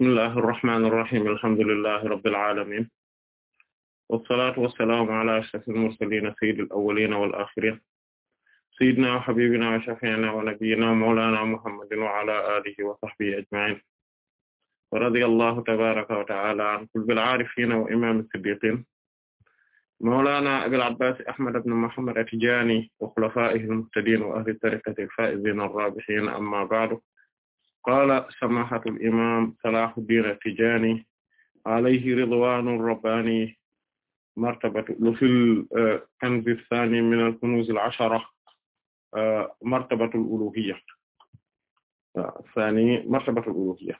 bismillahi irrahmani irrahim alhamdulillahi rabbil alamin wassalatu wassalaamu ala ashrafil mursalin sayyidil awwalin wal akhirin sayyidina wa habibina wa shafi'ina wa nabiyyina mawlana muhammadin wa ala alihi wa sahbihi ajma'in wa radiyallahu tabaraka wa ta'ala an kulbil aarifin wa imam as-siddiqin mawlana abil abbas ahmad ibn muhammad at-tijani wa khulafa'ihil muhtadin wa ahli tariqatihi al-faa'izin ar-raabihin amma ba'du qaala samaahatul imaam Salaahuddin Tijaani alayhi ridwaanur rabbaani martabatu fil uh, kanzi saani minal kunuuzil ashara uh, martabatul uluhiyya waaw uh, saani martabatul uluhiyya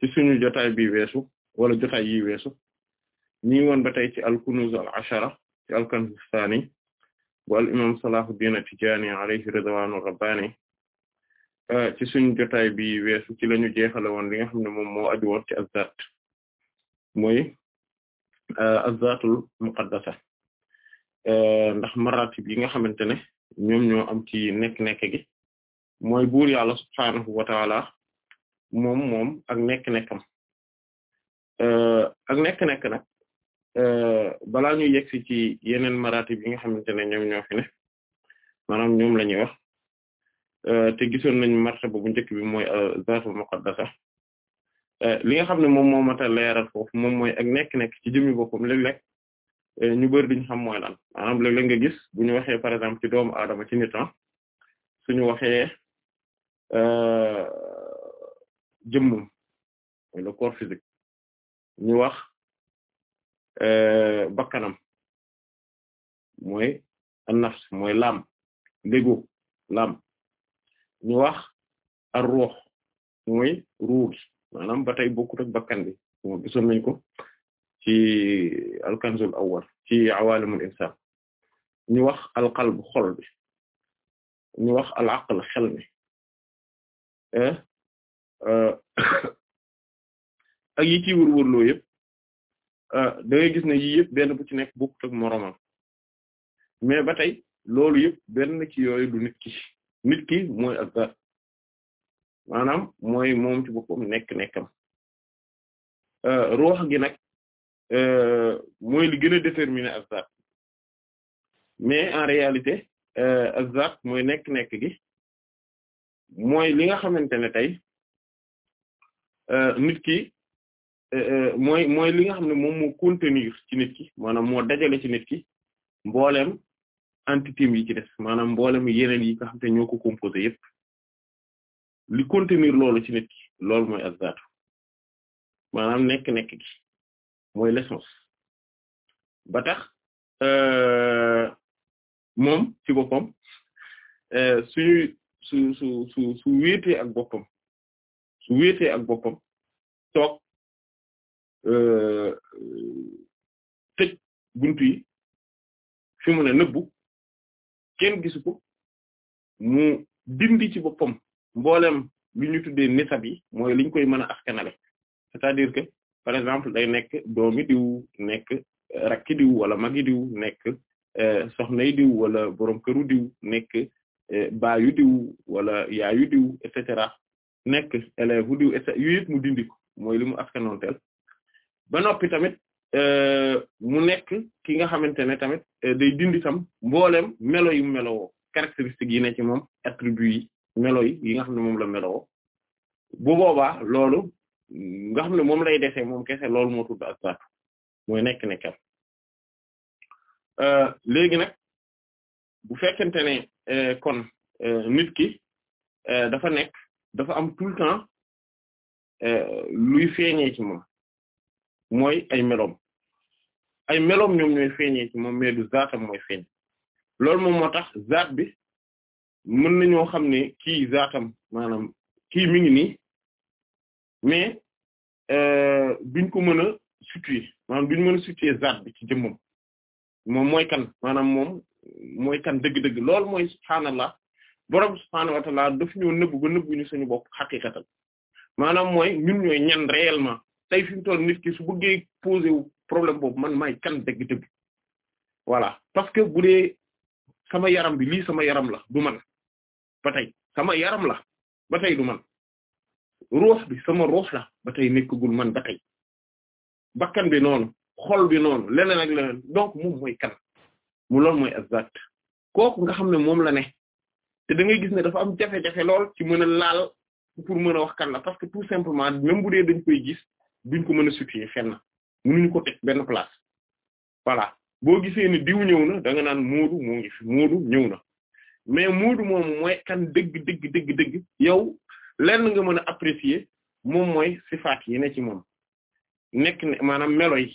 ci suñu jotaay bi weesu wala jotaay yi weesu ñi woon ba tey ci al kunuuzil ashara ci al kanzi saani bu al imaam Salaahuddin Tijaani alayhi ridwaanur rabbaani Euh, ci suñu jotaay bi weesu ci lañu jeexale woon li nga xam ne moom moo aju woon ci azzaat mooy euh, azzaatul muqaddasa euh, ndax maratib yi nga xamante ne ñoom ñoo am ci nekk-nekk gi mooy buur yàlla subhaanahu wa taala moom moom ak nekk-nekkam ak nekk-nekk nag balaa ñuy yegsi ci yeneen maratib yi nga xamante ne ñoom ñoo fi ñoom la ñuy wax Euh, te gisoon nañ martaba bu njëkk bi mooy euh, zaatul muqaddasa euh, li nga xam ne moom moo mat a leeral foofu moom mooy ak nekk-nekk ci jëmmi boppam léeg-léeg ñu bëri duñu xam mooy lan maanaam léeg-léeg nga gis bu ñu waxee par exemple ci doomu aadama ci nit ah, suñu waxee jëmmum mooy le corps physique ñu wax bakkanam moy an nafs mooy laam légo laam ñu wax ar ruux mooy ruu gi maanaam ba ak bakkan bi moo gisoon nañ ko ci alkanzul awwal ci awaalimul insaan ñu wax alqalb xol bi ñu wax alaql xel mi eh? Eh? ak yi ciy wërwërloo yëpp eh, da ngay gis ne yii yëpp benn ci nekk bokkut ak moroomam mais ba loolu yëpp benn ci yooyu ki nit ki mooy ak zat maanaam mooy moom ci boppam nekk nekkam euh, ruux gi nag euh, mooy li gën a déterminer ak mais en réalité euh, ak zat mooy nekk-nekk gi mooy li nga xamante ne tey nit ki mooy mooy li nga xam ne moom moo contenir ci nit ki maanaam moo dajale ci nit ki mbooleem entité yi ci maanaam mboolem yeneen yi nga xam te ñoo composé yëpp li contenir loolu ci nit ki loolu mooy azzaatu maanaam nekk-nekk gi mooy l'essence ba tax euh, moom ci boppam euh, suñuy su su su su wéetee ak boppam su wéetee ak boppam toog euh, tëj buntu yi fi mu nëbbu kenn gisu ko mu dindi ci boppam mboolem li ñu tuddee nisab yi mooy liñ koy mën a askanale cest que par exemple day nekk doomi diw nekk rakki diw wala magi diw nekk euh, soxnay diw wala borom këru diw nekk euh, baayu diw wala yaayu diw et nekk élève diw et cetera mu dindi ko mooy li mu askanonteel ba noppi tamit euh, mu nekk ki nga xamante ne tamit eh, day dindi tam mboolem melo yu melowoo caractéristiques yi ne ci moom attributs melo yi yi nga xam ne moom la melowoo bu boobaa loolu nga xam ne moom lay dese moom kese loolu moo tudd ak saatu mooy nekk nekkal eh, léegi nag bu fekkente ne eh, kon nit ki dafa nekk dafa am tout le temps luy feeñee ci moom mooy ay meloom ay meloom ñoom ñooy feeñee ci moom mais du zaatam mooy feeñ loolu moom moo tax zaat bi mën nañoo xam ne kii zaatam maanaam kii mi ngi nii mais euh, duñ ko mën a situer maanaam duñ mën a situer zaat bi ci jëmmam moom mooy kan maanaam moom mooy kan dëgg-dëgg lool mooy subhaanallah borom subhaanahu wa ta'ala daf ñoo nëbb ba nëbbuñu suñu bopp xaqiqatan maanaam mooy ñun ñooy ñan réellement tey fi mu toll nit ki su bëggee poser problème boobu man maay kan dëgg-dëgg voilà parce que bu dee sama yaram bi lii sama yaram la du man ba tey sama yaram la ba tey du man ruux bi sama ruux la ba tey nekkagul man ba tey bakkan bi noonu xool bi noonu leneen ak leneen donc moom mooy kan mu loolu mooy azat kooku nga xam ne moom la ne te da ngay gis ne dafa am jafe-jafe lool ci mën a laal pour mën a wax kan la parce que tout simplement même bu dee dañ koy gis duñ ko mën a situer na mënuñu ko teg benn place voilà boo gisee ni diw ñëw na da nga naan Moodu moo ngi fi Moodu ñëw na mais Moodu moom mooy kan dëgg dëgg dëgg dëgg yow lenn nga mën a apprécier moom mooy sifaat yi ne ci moom nekk ne maanaam melo yi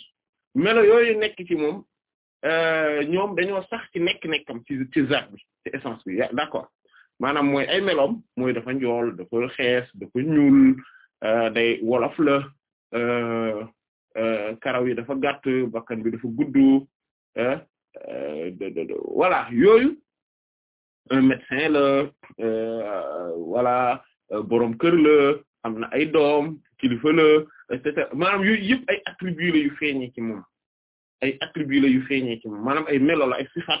melo yooyu nekk ci moom euh, ñoom dañoo sax ci nekk-nekkam ci ci zaat bi ci essence bi d'accord maanaam mooy ay meloom mooy dafa njool dafa xees dafa ñuul euh, day wolof la euh, Euh, karaw yi dafa gàtt bakkan bi dafa gudd euh, voilà yooyu un médecin la euh, voilà borom kër la am na ay doom kilifa la et cetera maanaam ay attributs la yu feeñee ci moom ay attributs la yu feeñee ci moom maanaam ay melo la ay sifaat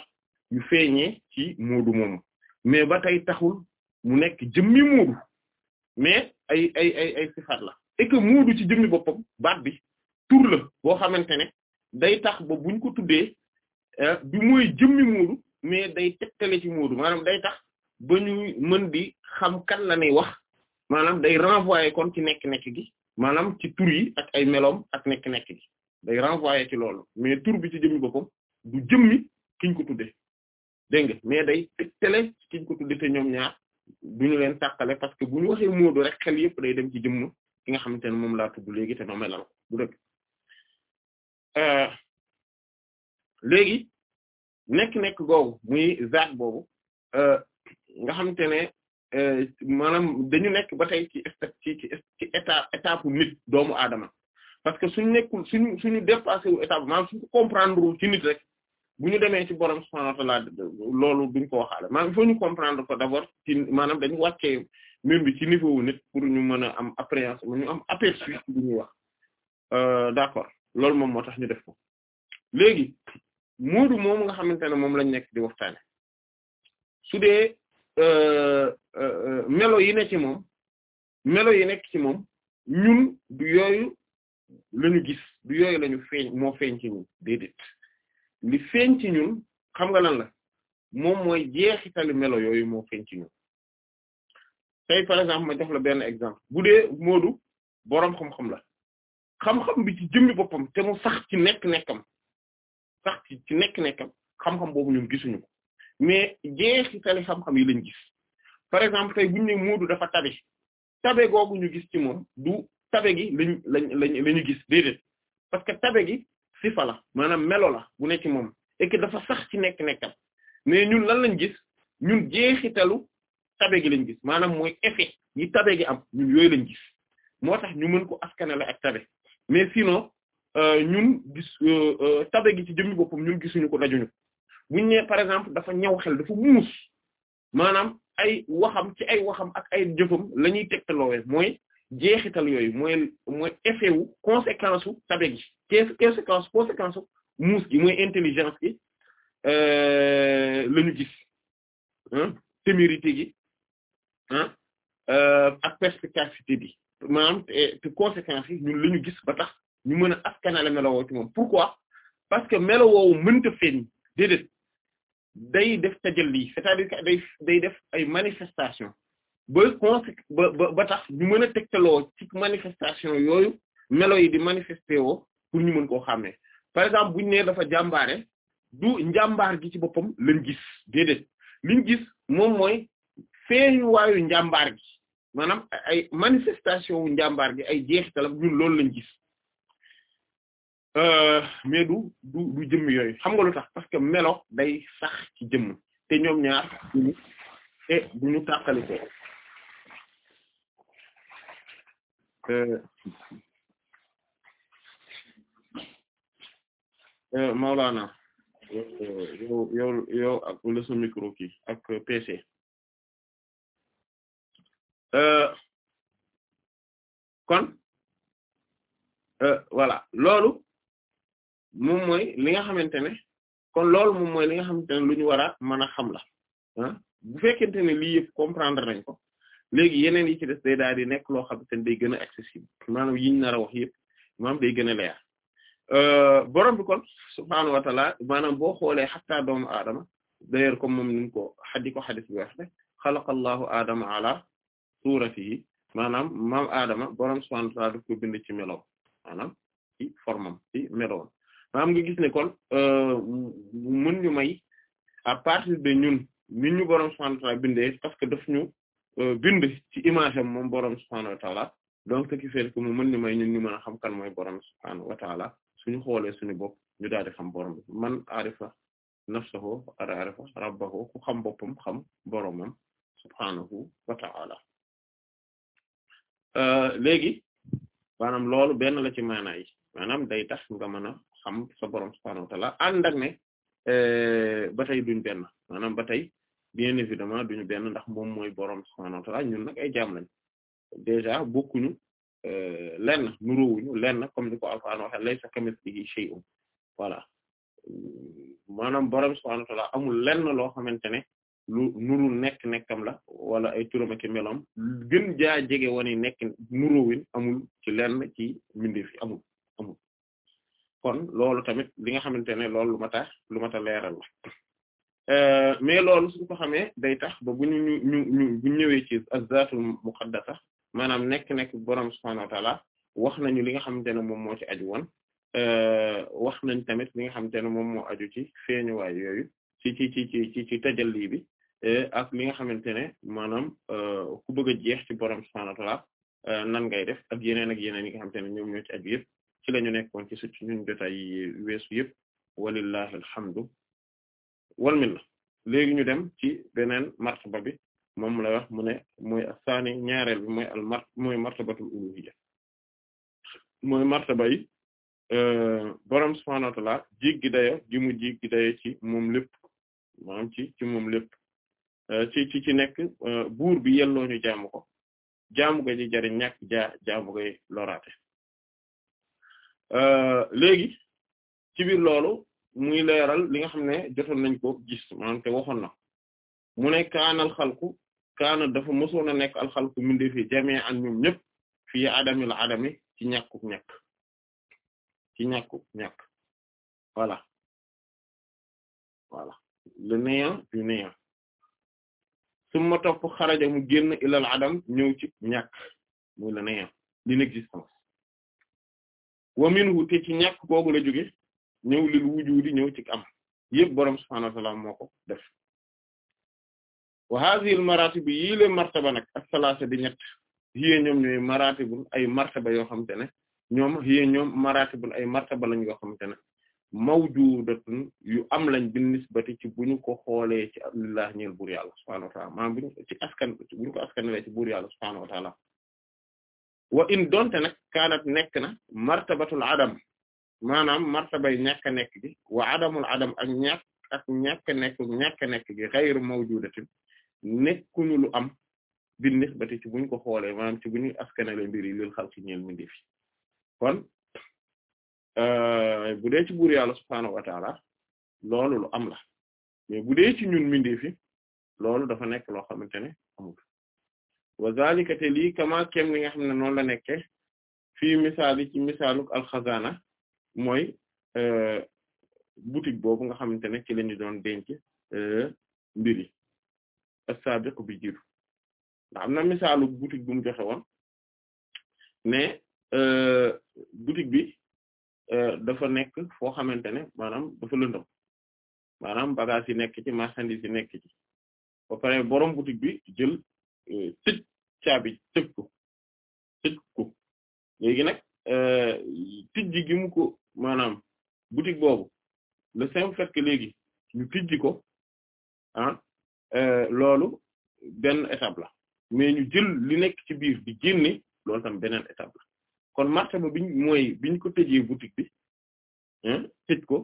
yu feeñee ci moodu moomu mais ba tey taxul mu nekk jëmmi moodu mais ay ay ay ay sifaat la et que ci jëmmi boppam baat bi tur la boo xamante ne day tax ba buñ ko tuddee euh, du mooy jëmmi Moodu mais day tegtale ci Moodu maanaam day tax ba ñu mën di xam kan la ñuy wax maanaam day renvoyer kon ci nekk-nekk gi maanaam ci tur yi ak ay meloom ak nekk-nekk gi day renvoyer ci loolu mais tur bi ci jëmmi boppam du jëmmi kiñ ko tuddee dégg nga mais day tegtale ki kiñ ko tuddee te ñoom ñaar duñu leen tàqale parce que bu ñu waxee Moodu rek xel yëpp day dem ci jëmm ki nga xamante ne moom laa léegi te noo melal ko Euh, léegi nekk-nekk googu muy zaat boobu euh, nga xamante ne euh, maanaam dañu nekk ba tey ki ci ci état étape nit doomu aadama parce que suñu nekkul suñu suñu dépassé wu étape maanaam suñu comprendre ci nit rek bu ñu demee ci borom subhaanahu wa ta'aala loolu duñ ko waxaale maanaam il faut ñu comprendre ko d'abord ci maanaam dañu wàccee mbir bi ci niveau wu nit pour ñu mën a am appréhension ñu am aperçu bi ñuy wax d'accord. loolu moom moo tax ñu def ko léegi moodu moomu nga xamante ne moom lañ nekk di waxtaane su dee euh, euh, euh, melo yi ne ci moom melo yi nekk ci moom ñun du yooyu lañu gis du yooyu lañu feeñ moo feeñ ci ñun déedéet li feeñ ci ñun xam nga lan la moom mooy jeexitalu melo yooyu moo feeñ ci ñun tey par exemple ma jox la benn exemple bu dee moodu boroom xam-xam la xam-xam bi ci jëmmi boppam te mu sax ci nekk-nekkam sax ci ci nekk-nekkam xam-xam boobu ñun gisuñu ko mais jeexitali xam-xam yi lañ gis par exemple tey buñ ne Moodu dafa tabe tabe googu ñu gis ci moom du tabe gi lañ lañ lañ la ñu gis déedéet parce que tabe gi sifa la maanaam melo la bu ne ci moom et dafa sax ci nekk-nekkam mais ñun lan lañ gis ñun jeexitalu tabe gi lañ gis maanaam mooy effet yi tabe gi am ñun yooyu lañ gis moo tax ñu mën ko askanale ak tabe mais sinon euh, ñun gis euh, euh, tabe gi ci jëmmi boppam ñun gisuñu ko dajuñu buñ ne par exemple dafa ñaw xel dafa muus maanaam ay waxam ci ay waxam ak ay jëfam la ñuy tegtaloowee mooy jeexital yooyu mooy mooy effet wu conséquence u tabe gi conséquence conséquence u muus gi mooy intelligence gi la ñu gis témérité gi ah ak perspicacité bi maanaam eh, te conséquences yi ñun la ñu gis ba tax ñu mën a askanale melowoo ci moom pourquoi parce que melowoowu mënta feeñ déedéet day def tajalli c'est-à-dire que day day def ay manifestation ba conse ba tax ñu mën a tegtaloo ci manifestation yooyu melow yi di manifesté woo pour ñu mën koo xàmmee par exemple buñu nee dafa jàmbaare du njàmbaar gi ci boppam lañ gis déedéet liñ gis moom mooy feeñu waayu njàmbaar gi maanaam ay manifestation wu njàmbaar gi ay jeexitalam ñun loolu lañ gis euh, mais du du du jëmm yooyu xam nga lu tax parce que melo day sax ci jëmm te ñoom ñaar te duñu tàqali ko euh, euh, Maulana yow yow yow ak la micro kii ak PC Euh, kon euh, voilà loolu moom mooy li nga xamante ne kon loolu moom mooy li nga xamante ne lu ñu war a mën a xam la ah bu fekkente ne lii yëpp comprendre nañ ko léegi yeneen yi ci des day daal di nekk loo xamante ne day gën a accessible maanaam yiñ nar a wax yëpp maanaam day gën a leer euh, borom bi kon subhaanahu wa taala maanaam boo xoolee xataa doomu aadama d'ailleurs comme moom niñ ko xaddi ko xadis bi wax rek xalaqallahu aadama ala suratihi maanaam maam aadama borom subhanahu wa ta'ala daf ko bind ci meloom maanaam ci formam ci meloom maanaam nga gis ne kon euh, mën ñu may à partir de ñun nit ñu borom subhanahu wa ta'ala bindee parce que daf ñu euh, bind ci image am moom borom subhanahu ta'ala donc ce qui fait que mu mën ñu may ñun ñu mën xam kan mooy borom subhanahu wa ta'ala suñu xoolee suñu bop ñu daal di xam borom man arifa nafsahu arifa rabbahu ku xam boppam xam boromam subhanahu wa ta'ala Euh, léegi maanaam loolu benn la ci maanaa yi maanaam day tax nga mën xam sa borom subhaanahu wa ta'aala ànd ak ne euh, ba tey duñ benn maanaam ba tey bien évidemment duñu benn ndax moom mooy borom subhaanahu wa ta'aala ñun nag ay jaam lañ déjà bokkuñu euh, lenn nuróowuñu lenn comme ni ko Alxuraan waxee laysa kamithlihi shay'un voilà maanaam borom subhaanahu wa ta'aala amul lenn loo xamante ne. lu nuru nekk nekkam la wala ay turam ak melam gën jaa jege wane nekk nuruwin amul ci lenn ci mbindeef yi amul kon loolu tamit li nga xamante ne loolu lu ma lu ma tax leeral la euh, mais loolu suñ ko xamee day tax ba bu ñu ñu ñu ñu ñëwee ci azzaatul muqaddasa maanaam nekk nekk borom subhaanahu wax nañu li nga xamante ne moom moo ci aju woon euh, wax nañ tamit li nga xamante ne moom moo aju ci feeñuwaay yooyu. ci ci ci ci ci tajalli bi e ak li nga xamante ne maanaam eh, ku bëgg a jeex ci borom subhaanahu wa eh, nan ngay def ak yeneen ak yeneen yi nga xamante ne ñoom ñoo ci aju yëpp ci la ñu nekkoon ci suñu ñun jotaay weesu yëpp walillahi alhamdu wal minna léegi ñu dem ci beneen martaba bi moom la wax mu ne mooy saani ñaareel bi mooy al mart mooy martabatul uluhiyya mooy martaba yi borom subhaanahu wa ta'aala jéggi dayo gi mu ci moom lépp. maanaam ci ci moom lépp euh, ci nekk euh, buur bi yelloo ñu jaamu ko jaamu ga ji jariñ ñàkk jaa jaamu gay loraate euh, léegi ci biir loolu muy leeral li nga xam ne jotoon nañ ko gis maanaam te waxoon na mu ne xalku kaana dafa mosoon a nekk alxalku minde fi jamee an ñoom ñëpp fii adamil adami ci ñàkkuk ci ñàkkuk ñàkk voilà voilà le néant du néant summa topp xaraja mu génn ilal adam ñëw ci ñàkk muy le néant te ci ñàkk googu la jóge ñëw lil wujudi ñëw ci am yëpp borom subhaanahu wa ta'aala moo ko def wa hadhihi al maratib yii di ñett yiyee ñoom ñooy maratibul ay martaba yoo xamante ne ñoom yiyee ñoom maratibul ay martaba lañ yoo xamante ne mawjudatun yu am lañ bin nisbati ci bu ñu ko xoolee ci lillah ñeel buur yàlla subhaanahu wa ta'ala maanaam buñu bu ñu buur yàlla subhaanahu wa ta'ala wa kaanat nekk na martabatul adam maanaam martabay ñàkk a nekk gi wa adamul adam ak ñàkk ak a nekk ñàkk a nekk gi xayru mawjudatin nekkuñu lu am bin nisbati ci buñ ko xoolee maanaam ci bu ñu askanale mbir yi lil xalqi ñeel mi ndi kon Euh, bu dee ci buur yàlla subhaanahu wa lu am la mais bu dee ci ñun mindee fi loolu dafa nekk loo xamante ne amul wa zalika te lii kama kem li nga xam ne noonu la nekke fii misaali ci misaaluk alxazana mooy euh, boutique boobu nga xamante ne ci lañu doon denc euh, mbir yi as bi jiitu ndax am na misaaluk boutique bu joxe woon mais boutique bi Euh, dafa nekk foo xamante ne maanaam dafa lëndëm maanaam bagage yi nekk ci marchandise yi nekk ci ba pare borom boutique bi jël euh, tëj caabi tëj ko tëj ko léegi nag euh, tijji gi mu ko maanaam boutique boobu le simple fait que léegi ñu tijji ko ah loolu benn étape la mais ñu jël li nekk ci biir di génne loolu tam beneen étape la kon martaba biñ mooy biñ ko tëjee boutique bi tëj ko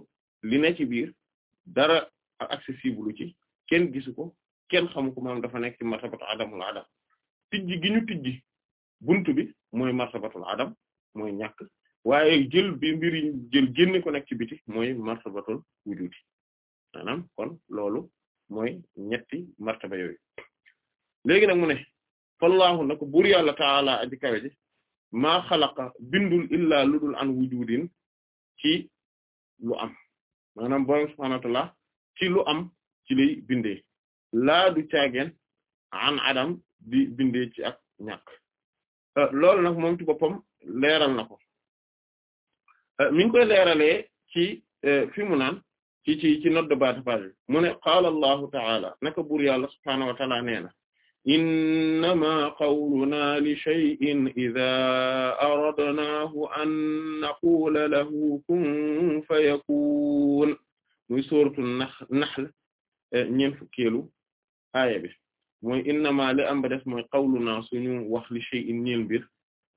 li ne ci biir dara accessible ci ken gisu ko kenn xamuko ko dafa nekk ci martabatu adamul adam tijji gi ñu tijji bunt bi mooy martabatul adam mooy ñàkk waaye jël bi mbir yi jël génne ko nekk ci biti mooy martabatul wujudi kon loolu mooy ñetti martaba yooyu léegi nag mu ne fallaahu nag buur yàlla taala aji kawe ji maa xalaqa bindul illaa lu dul an wujudin ci lu am maanaam borom subhaanahu wa ta'aala ci lu am ci lay bindee laa du caageen an adam di bindee ci ak ñàkk euh, loolu nag moom ci boppam leeral na ko euh, mi ngi koy leeralee ci euh, fi mu naan ci ci ci note de bas de page bi mu ne qaala allahu ta'ala naka buur yàlla subhaanahu wa ta'aala nee innama qawluna li shay'in idha aradnahu an naqula lahu kun fayakun muy sooratu nahl ñeent fukkeelu aaya bi mooy innama li am ba def qawluna suñu wax li shay'in ñeel mbir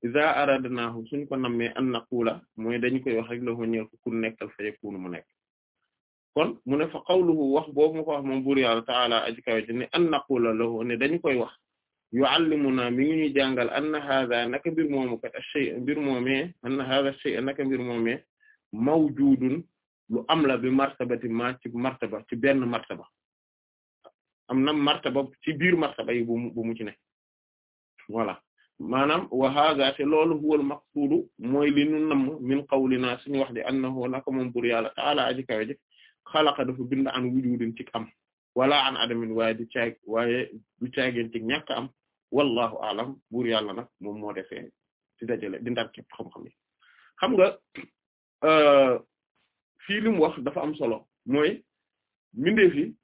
idha aradnahu suñ ko nammee an naqula mooy dañu koy wax rek la ko ñeel ku nekkal fayakun mu nekk kon mu ne fa qawluhu wax boobu ma ko wax moom buur yàlla taala aji kawe ji ne an naqula lahu ne dañu koy wax yuallimuna mi ngi ñuy jàngal anna hadha naka mbir moomu kat shay mbir moomee anna hadha shay naka mbir moomee mawjudun lu am la bi martabati ma ci martaba ci benn martaba am na martaba ci biir martaba yi bu mu ne voilà maanaam wa hadha te loolu huwal maqsuudu mooy li nu namm min qawlina suñu wax di annahu naka moom buur yàlla taala aji kawe xalaqa dafa bind an wujudin ci am wala an adamin waaye du caag waaye du caageen ci ñàkk am wallahu alam buur yàlla nag moom moo defee di dajale di ndar képp xam-xam xam nga euh, fii li mu wax dafa am solo mooy mbindeef yi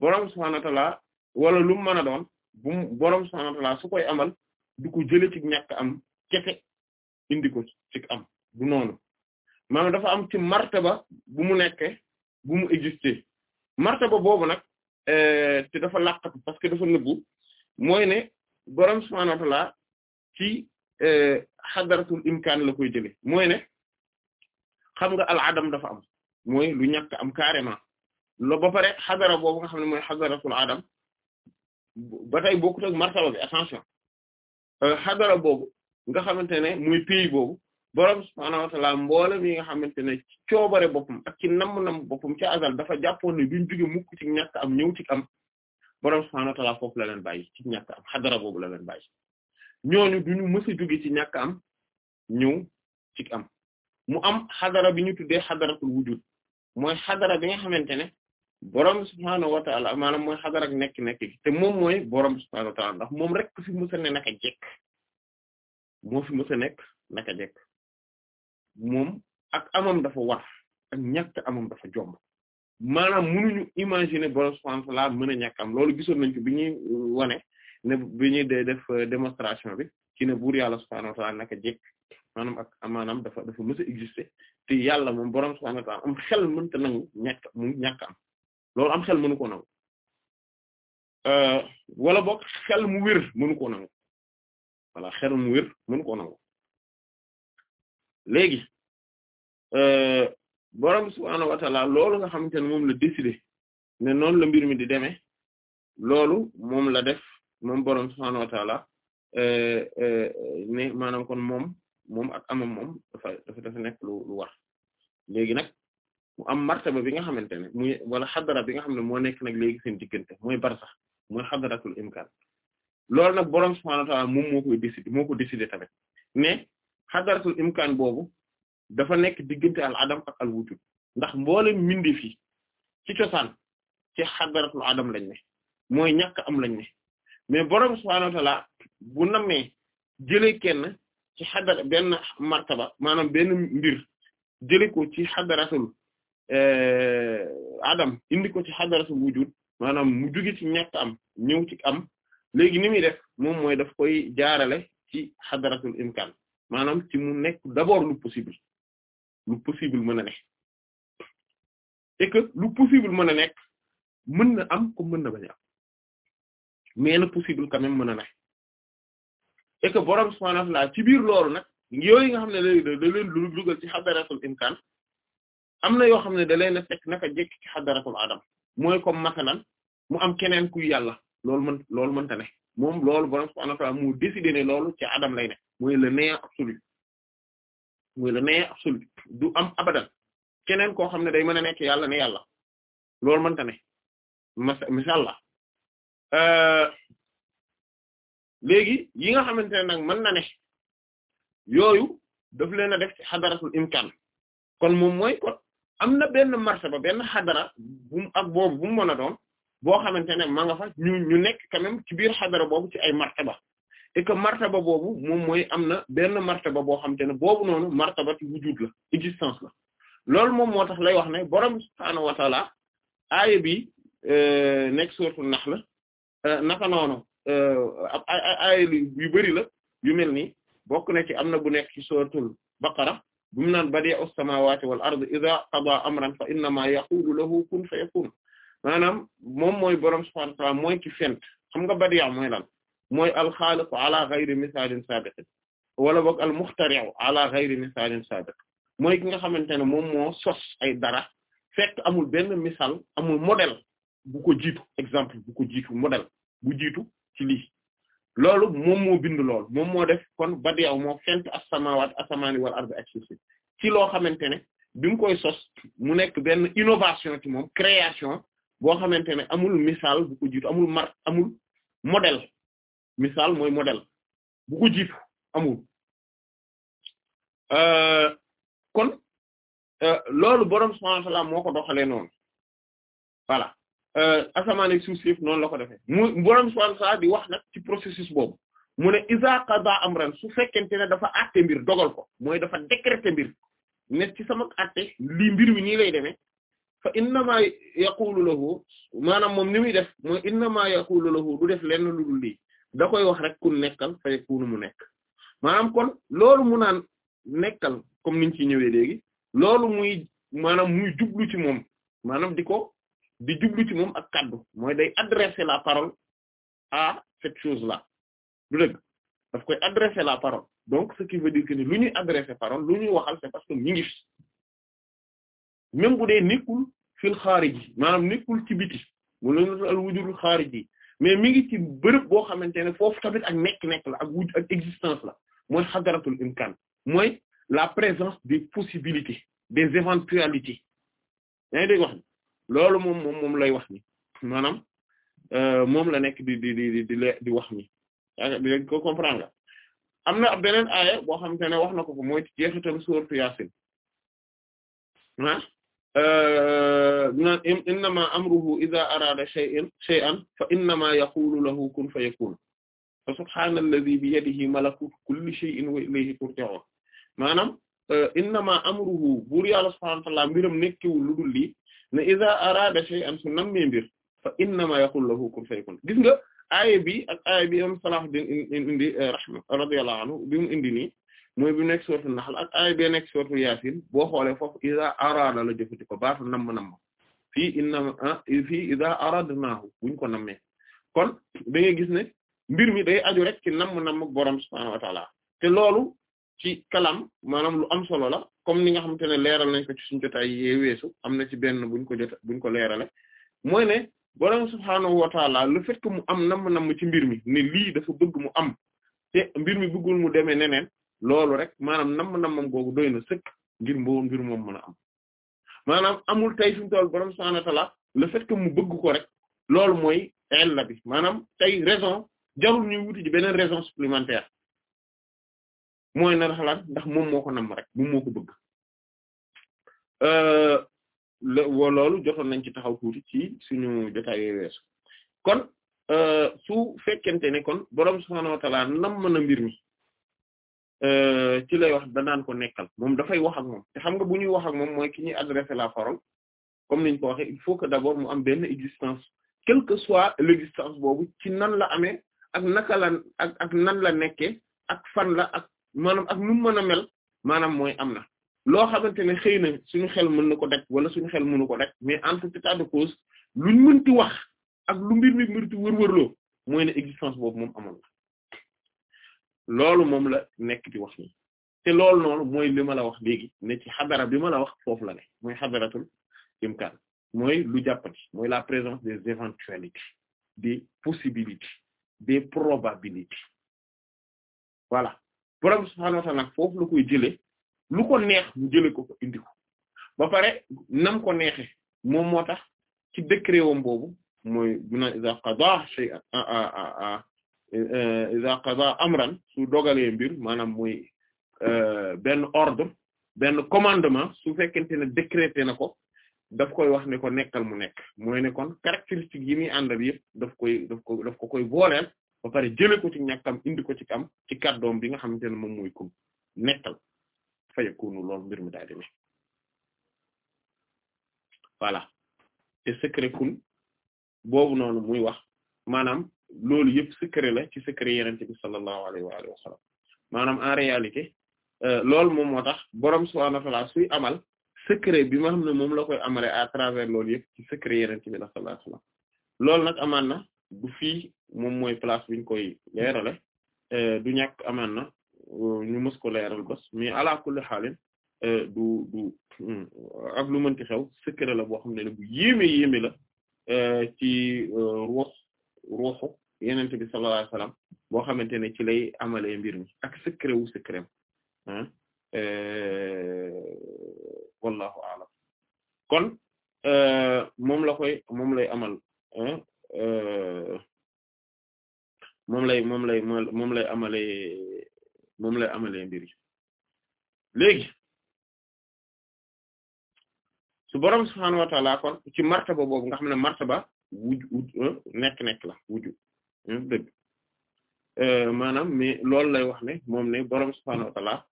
boroom subhaanahu wala lu mu mën a doon bum borom subhaanahu su koy amal du ko jële ci ñàkk am kete indi ko ci am du noonu maanaam dafa am ci martaba bu mu nekke bu mu exister martaba boobu nag euh, te dafa làqatu parce que dafa nëbbu mooy ne borom subhaanahu wa ta'aala ci euh, xadaratul imkaan la koy jëlee mooy ne xam nga al adam dafa am mooy lu ñàkk am carrément lo ba pare xadara boobu nga xam ne mooy xadaratul adam ba tey bokkut ak martaba bi attention euh, xadara boobu nga xamante ne muy pays boobu borom subhaanahu wa ta'aala mboolem yi nga xamante ne ci coobare boppam ak ci namm-namm boppam ci azal dafa jàppoon ne duñ jóge mukk ci ñàkk am ñëw ci am borom subhaanahu wa la leen bàyyi am xadara boobu la leen bàyyi ñooñu duñu mës a jóge ci ñàkk am ñëw mu am xadara bi ñu tuddee xadaratul wujud mooy xadara bi nga xamante ne borom subhaanahu wa ta'aala maanaam mooy xadara ak nekk-nekk moom mooy borom subhaanahu wa moom rek fi ne naka jekk moo fi mës nekk naka jekk. moom ak amam dafa war ak ñàkk amam dafa jomb maanaam mënuñu imaginer borom subhanahu wa ta'ala mën a ñàkk am loolu gisoon nañ ci bi ñuy euh, wane ne bi de def euh, démonstration bi ci ne buur yàlla subhanahu wa ta'ala naka ak maanaam dafa dafa mës a yàlla moom borom subhanahu wa ta'ala am xel mënta nangu ñàkk mu ñàkk am loolu am xel mënu ko nangu euh, wala boog xel mu wér mënu ko nangu wala xel mu wér mënu ko nangu léegi euh, borom subhaanahu wa ta'ala loolu nga xamante ne moom la décidé ne noonu la mbir mi di demee loolu moom la def moom borom subhaanahu wa ta'ala euh, euh, ne maanaam kon moom moom ak amam moom dafa dafa dafa lu lu léegi nag mu am martaba bi nga xamante ne muy wala xadara bi nga xam ne moo nekk nag léegi seen diggante mooy barsax mooy xadaratul imkaan loolu nag borom subhaanahu wa ta'ala moom moo koy décidé tamit mais xadaratul imkaan boobu dafa nekk diggante al adam ak al wujud ndax mboolem mbindeef yi ci cosaan ci xadaratul adam lañ ne mooy ñàkk am lañ mais borom subhaanahu wa bu namee jëlee kenn ci xadara benn martaba maanaam benn mbir jëlee ko ci xadaratul eh, adam indi ko ci xadaratul wujud maanaam mu jóge ci am ñëw ci am léegi ni muy def moom mooy daf koy jaarale ci xadaratul imkaan maanaam ci mu nekk d'abord lu possible lu possible mën a ne et que lu possible mën a nekk mën na am comme mën na bañ a am na possible quand même mën a nekk et que borom subhaanahu ci biir loolu nag yooyu nga xam ne da da leen lu dugal ci xadaratul imkaan am na yoo xam ne da leen a fekk naka jekk ci xadaratul adam mooy comme masalan mu am keneen ku yàlla loolu mën loolu mënta ne moom loolu borom subhaanahu wa mu décider ne loolu ci adam lay nekk. mooy le néant absolu mooy le néant absolu du am abadan keneen koo xam ne day mën a nekk yàlla ne yàlla loolu mënta ne misaal la euh, léegi yi nga xamante ne nag mën na ne yooyu daf leen a def ci xadaratul imkaan kon moom mooy kon am na benn martaba benn xadara bu ak boobu bu mu mën boo xamante ne ma nga fa ñu ñu nekk quand même ci biir xadara boobu ci ay martaba et que martaba boobu moom mooy am na benn martaba boo xam te ne boobu noonu martabatu wujud la existence la loolu moom moo tax lay wax ne borom subhaanahu wa taala aaya bi euh, nekk sourate Nahl la euh, naka noonu euh, ab ay yu bari la yu mel ni bokk na ci am na bu nekk ci suratul baqara bu mu naan badi'us samawati wal ardi idha qada amran fa innama yaqulu lahu kun fayakun maanaam moom mooy borom subhaanahu wa taala mooy ki fent xam nga badi'a mooy lan mooy alxaaliqu ala ghayri misaalin saabiq wala boog al muxtari'u ala ghayri mooy ki nga xamante ne moom moo sos ay dara fekk amul benn misaal amul model bu ko jiitu exemple bu ko jiitu modèle bu jiitu ci lii loolu moom moo bind lool moom moo def kon badiyaw moo fent as-samaawaat as-samaani wal ardi ak suuf ci loo xamante ne bi mu koy sos mu nekk benn innovation ci moom création boo xamante ne amul misaal bu ko jiitu amul mar amul model misaal mooy modèle bu ko jiitu amul euh, kon euh, loolu boroom subhaanahu wa moo ko doxalee noonu voilà euh, asamaan ak suuf si noonu la ko defee mu boroom subhaanahu wa bi wax na ci processus boobu mu ne iza qadaa amran su fekkente ne dafa àtte mbir dogal ko mooy dafa décréter mbir ne ci sama àtte lii mbir mi nii lay demee fa innama yaqulu lahu maanaam moom ni muy def mooy innama yaqulu lahu du def lenn lu dul lii da koy wax rek ku nekkal fay kuunu mu nekk maanaam kon loolu mu naan nekkal comme niñ ci ñëwee léegi loolu muy maanaam muy jublu ci moom maanaam di ko di jublu ci moom ak kaddu mooy day adresser la parole à cette chose là du dëgg daf koy adresser la parole donc ce qui veut dire que ni lu ñuy adresser parole lu ñuy waxal c'est parce que mi ngi fi même bu fil xaariji maanaam nekkul ci biti mu leen al wujudul xaariji mais mi ngi ci bërëb boo xamante ne foofu tamit ak nekk-nekk la ak wut ak existence la mooy xadaratul imkan mooy la présence des possibilités des éventualités yaa ngi dégg wax ni loolu moom moom moom lay wax ni maanaam euh, moom la nekk di di di di di wax ni di comprendre am na beneen aaya boo xam ne wax na ko ko mooy ci jeexital sourate Yaasin ah innama amruhu idha arada shay'an shay'an fa innama yaqulu lahu kun fayakun fa subhana alladhi bi yadihi malakutu kulli shay'in wa ilayhi turja'un maanaam eh, innama amruhu buur yàlla subhanahu wa ta'ala mbiram nekkiwul lu dul lii ne idha arada shay'an su nammee mbir fa innama yaqulu lahu kun fayakun gis nga aaya bi ak aaya bi am Salahuddin indi eh, rahma radiyallahu anhu bi mu indi nii mooy bi nekk sourate Nahl ak ay bi nekk sourate Yaasin boo xoolee foofu iza araada la jëfandikoo baatu namm namm na inna ah, fii iza aradnaahu buñ ko nammee kon da gis ne mbir mi day aju rek ci namm namm borom subhaanahu wa ta'aala te loolu ci kalam maanaam lu am solo la comme ni nga xamante ne leeral nañ ko ci suñu jotaay yee weesu am na ci benn buñ ko jot buñ ko leerale mooy ne borom subhaanahu wa ta'aala le fait que mu am namm namm ci mbir mi ne lii dafa bëgg mu am te mbir mi bëggul mu demee neneen. loolu rek maanaam namm-nammam googu doy na sëkk ngir mboo ngir moom mën a am maanaam amul tey fi mu toll borom subhaanahu wa le fait que mu bëgg ko rek loolu mooy illa bi maanaam tey raison jarul ñuy wuti ji beneen raison supplémentaire mooy nar xalaat ndax moom moo ko namm rek moom moo ko bëgg euh, loolu jotoon nañ ki taxaw tuuti ci suñu jotaay yooyu weesu kon euh, su fekkente ne kon borom subhaanahu wa ta'aala namm na mbir mi Euh, ci lay wax danaan ko nekkal moom dafay wax ak moom te xam nga bu ñuy wax ak moom mooy ki ñuy adresser la parole comme niñ ko waxee il faut que d'abord mu am benn existence quelle que soit l'existence boobu ci nan la amee ak naka la ak ak nan la nekkee ak fan la ak maanaam ak nu mu mën a mel maanaam mooy am na loo xamante ne xëy na suñu xel mën na ko daj wala suñu xel munu ko daj mais en tout état de cause mun ti wax ak lu mbir mi mënti wër-wërloo mooy ne existence boobu moom amoon loolu moom la nekk di wax nii te loolu noonu mooy li ma la wax léegi ne ci xadara bi ma la wax foofu la ne mooy xadaratul imkaan mooy lu jàppati mooy la présence des éventualités des possibilités des probabilités voilà borom subhaanahu wa ta'aala foofu la koy lu ko neex mu jëlee ko ko indi ba pare nam ko neexee moom moo ci décret wam boobu mooy bina iza qadaa shay'an iza qada amran su dogalee mbir maanaam muy euh, benn ordre benn commandement su fekkente ne décrété na ko daf koy wax ne nekkal mu nekk mooy ne kon caractéristique yi muy àndal yëpp daf koy daf ko daf ko koy booleel ba pare jële ko ci ñàkkam indi ko ci am ci kàddoom bi nga xamante ne moom mooy kum nekkal fayakunu lool mbir mi daal di te secret kun boobu noonu muy wax maanaam loolu yëpp secret la ci secret yeneen bi sallallahu alayhi wa alihi en réalité euh, loolu moom moo tax borom subhaanahu suy amal secret bi ma xam ne moom la koy amalee à travers loolu yëpp ci secret yeneen bi sallallahu alayhi wa sallam loolu nag amaan na du fii moom mooy place biñ koy leerale euh, du ñàkk amaan na euh, ñu mës ko leeral bas mais ala kulli xaalin du du hmm, ak lu mënti xew secret la boo xam ne bu yéeme yéeme la ci ruux yenen yenente bi sallallahu alayhi wasallam boo xamante ne ci lay amalee mbir mi ak secret wu secret ah, euh, wallahu a'lam kon euh, moom la koy moom lay amal ah, euh, moom lay moom lay moom lay amalee moom lay amalee mbir yi léegi kon ci martaba boobu nga xam ne martaba wuj wuj euh, nekk nekk la wuju dëgg euh, maanaam mais loolu lay wax ne moom ne borom subhaanahu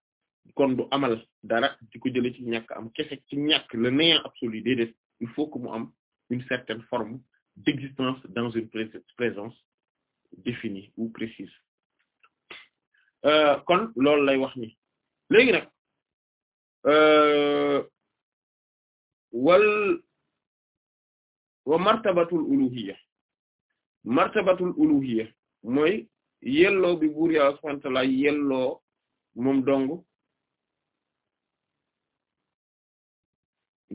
kon du amal dara di ko jëlee ci ñàkk am kese ci ñàkk la néant absolu déedéet il faut que mu am une certaine forme d'existence dans une présence définie ou précise euh, kon loolu lay wax ni léegi nag wal wa martabatul uluhiyya martabatul uluhiyya mooy yelloo bi buur yàlla subhaanahu wa ta'aala moom dong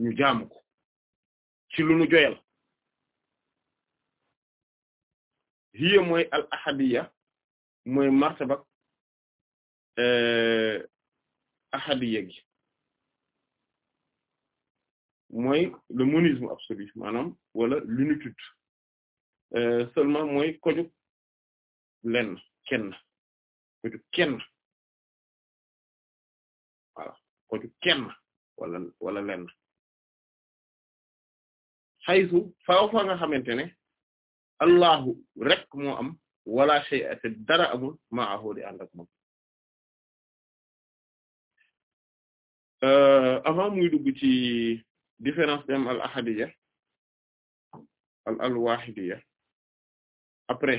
ñu jaamu ci lu nu joyal hiya moy al ahadiya mooy martabak eh, ahadiya gi mooy le monisme absolu maanaam wala l'unitude euh, seulement mooy koju lenn kenn koju kenn voilà wala wala lenn xaysu faaw nga xamante ne allahu rek moo am wala shay'a dara amul ma'ahu di ànd ak moom euh, avant muy dugg différence dem al ahadiya al al wahidiya après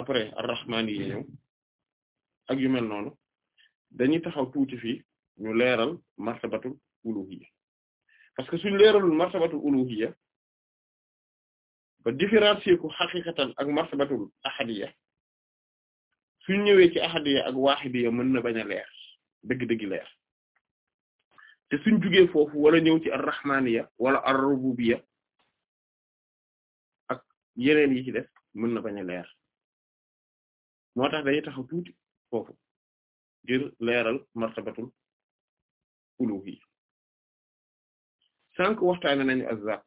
après ar rahmaniya ñëw ak yu mel noonu dañuy taxaw tuuti fii ñu leeral martabatul uluhiyya parce que suñ leeralul martabatul uluhiyya ba différencier ko xaqiqatan ak martabatul ahadiya suñ ñëwee ahadiya ak wahidiya mën na bañ a leer dëgg-dëgg leer te suñ jugee foofu wala ñëw ci ar-rahmaniya wala ar-rububiyya ak yeneen yi de def mën na bañ a leer moo tax dañuy taxaw tuuti foofu ngir leeral martabatul uluhi sànq waxtaane nañu azzat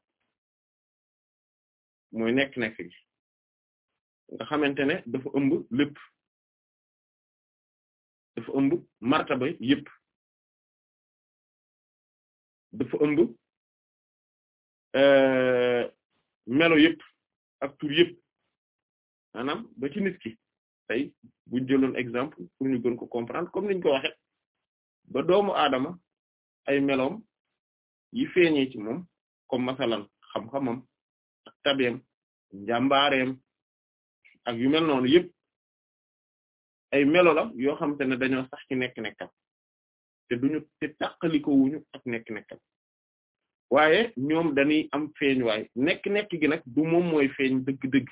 mooy nekk-nekk nga xamante ne dafa ëmb lépp dafa ëmb martaba yépp dafa ëmb euh, melo yëpp ak tur yëpp maanaam ba ci nit ki tey buñ exemple pour ñu gën ko comprendre comme niñ ko waxe ba doomu aadama ay meloom yi feeñee ci moom comme masalan xam-xamam ak tabeem njàmbaareem ak yu mel noonu yëpp ay melo la yoo xamante ne dañoo sax ci nekk-nekkam te duñu te tàqalikoowuñu ak nekk-nekkam waaye ñoom dañuy am feeñ waay nekk-nekk gi nag du moom mooy feeñ dëgg-dëgg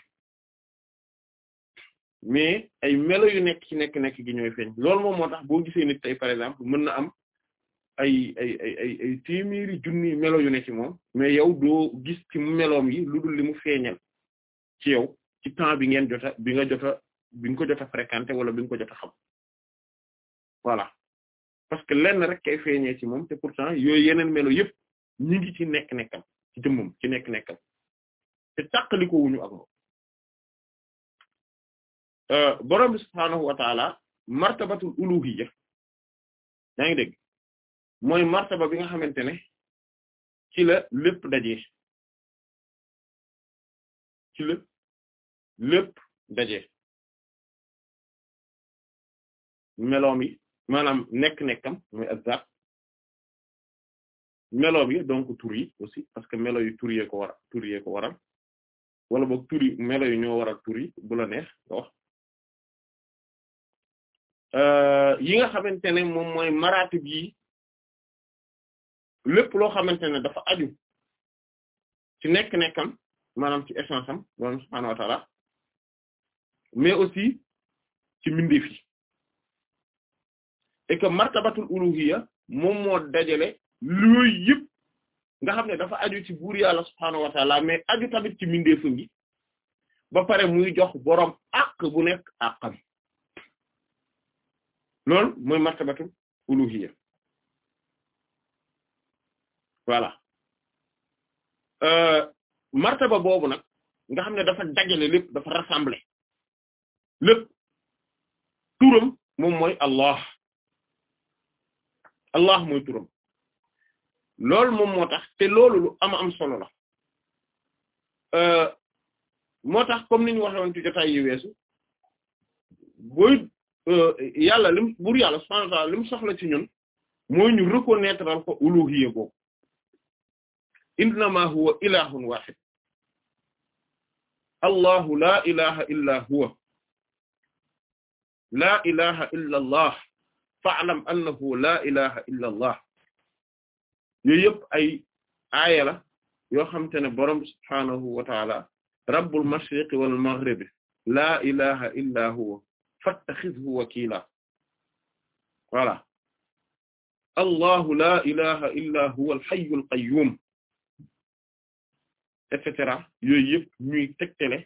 mais ay melo yu nekk ci nekk-nekk gi ñooy feeñ loolu moom moo tax boo gisee nit tey par exemple mën na am ay ay ay ay ay junni melo yu ne ci moom mais yow doo gis ci meloom yi lu dul li mu feeñal ci yow ci temps bi ngeen jota bi nga jota bi nga ko jota fréquenté wala bi nga ko jota xam voilà parce que lenn rek kay feeñee ci moom te pourtant yooyu yeneen melo yëpp ñu ngi ci nekk-nekkam ci jëmmam ci nekk-nekkam te tàqaliko wuñu ak moom euh, borom bi subhaanahu wa taala martabatul uluhiyya yaa mooy martaba bi nga xamante ne ci la lépp dajee ci la lépp dajee meloom maanaam nekk-nekkam mooy azzat meloom yi donc tur yi aussi parce que melo yi tur yee ko war tur yee ko waral wala boog tur melo yi ñoo waral tur yi bu la neex euh, yi nga xamante ne moom mooy maratib yi lépp loo xamante ne dafa aju ci nekk-nekkam maanaam ci essence am borom subhaanahu wa ta'ala mais aussi ci mbindeef et martabatul uluhiyya moom moo dajale looyu yëpp nga xam ne dafa aju ci buur yàlla subhaanahu wa taala mais aju tamit ci mindeefam gi ba pare muy jox boroom àq bu nekk àqam loolu mooy martabatul uluhiyya voilà euh, martaba boobu nag nga xam ne dafa dajale lépp dafa rassembler lépp turam moom mooy Allah allah mooy turam moom moo tax te loolu lu am am solo la euh, moo tax comme ni ñu waxee woon ci jotaay yi weesu booy euh, yàlla lim bur yàlla subhaanahu wa ta'aala lim soxla ci ñun mooy ñu reconnaître al ko uluhiyya boobu innama huwa ilahun wahid allahu la ilaha illa huwa la ilaha illa allah fa'lam annahu laa ilaha illa allah yooyu yëpp ay aaya la yoo xamante ne borom subhaanahu wa taala rabbul mashriqi wal maghribi laa ilaha illa huwa fattakhidhu wakiila voilà allahu laa ilaha illa huwa al hayyul qayyum et cetera yooyu yëpp ñuy tegtale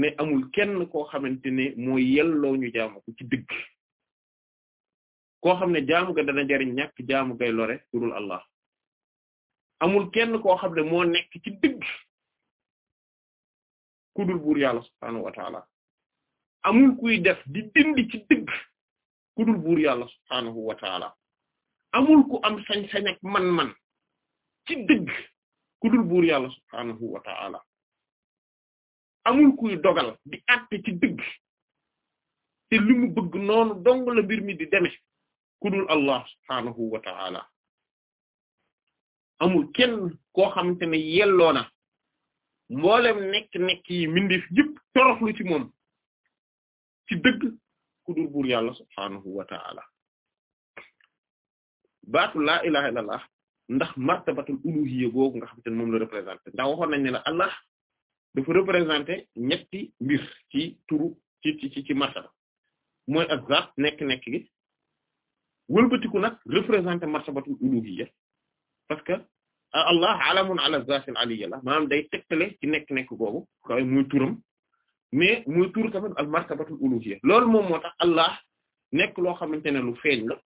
ne amul kenn koo xamante ne mooy yelloo ñu jaamu ko ci dëgg koo xam ne jaamu ga dana jariñ ñàkk gay lore ku dul Allah amul kenn koo xam ne moo nekk ci dëgg ku dul buur yàlla subhaanahu wa taala amul kuy ku dul yàlla subhaanahu wa taala amul ku am sañ-sañ man-man ci dëgg ku dul buur yàlla subhaanahu wa taala amul kuy dogal di àtte ci dëgg te li mu bëgg noonu dong la mbir mi di demee ku dul allah subhaanahu wa ta'ala amul kenn koo xamante ne yelloo na mboolem nekk-nekk yi mindeef yëpp toroxlu ci moom ci dëgg ku dul buur wa ta'ala baatu laa ilaha illallah ndax martabatul uluhiyya googu nga xamante ne moom la représenté ndax waxoon nañ ne la allah dafa représenté ñetti mbir ci turu ci ci ci martaba mooy ak zaat nekk-nekk wëlbatiku nag représenter martabatul uluhiyya parce que allah alamun ala zatil aliyya la maanaam day tegtale ci nekk-nekk boobu kaw muy turam mais muy tur tamit al martabatul uluhiyya loolu moom moo tax allah nekk loo xamante ne lu feeñ la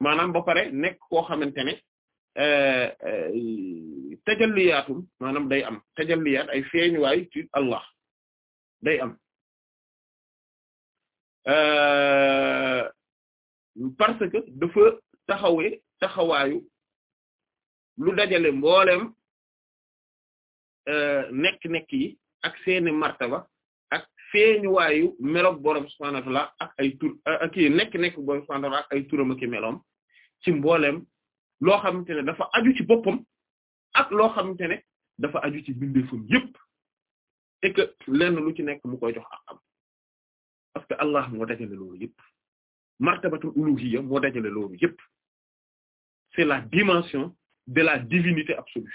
maanaam ba pare nekk koo xamante ne euh, euh, tajalliyaatum maanaam day am tajalliyaat ay feeñuwaay ci allah day am euh, parce que dafa taxawe taxawaayu lu dajale mboolem euh, nekk-nekk yi ak seeni martaba ak feeñuwaayu meloog borom subhaanahu ak ay tur euh, nekk-nekk borom subhaanahu ak ay turam ak ci mboolem loo xamante ne dafa aju ci boppam ak loo xamante ne dafa aju ci bindeefam yépp et lenn lu ci nekk mu koy jox a am parce que Allah moo dajale loolu yépp. martabatul uluhiyya moo dajale loolu yépp c'est la dimension de la divinité absolue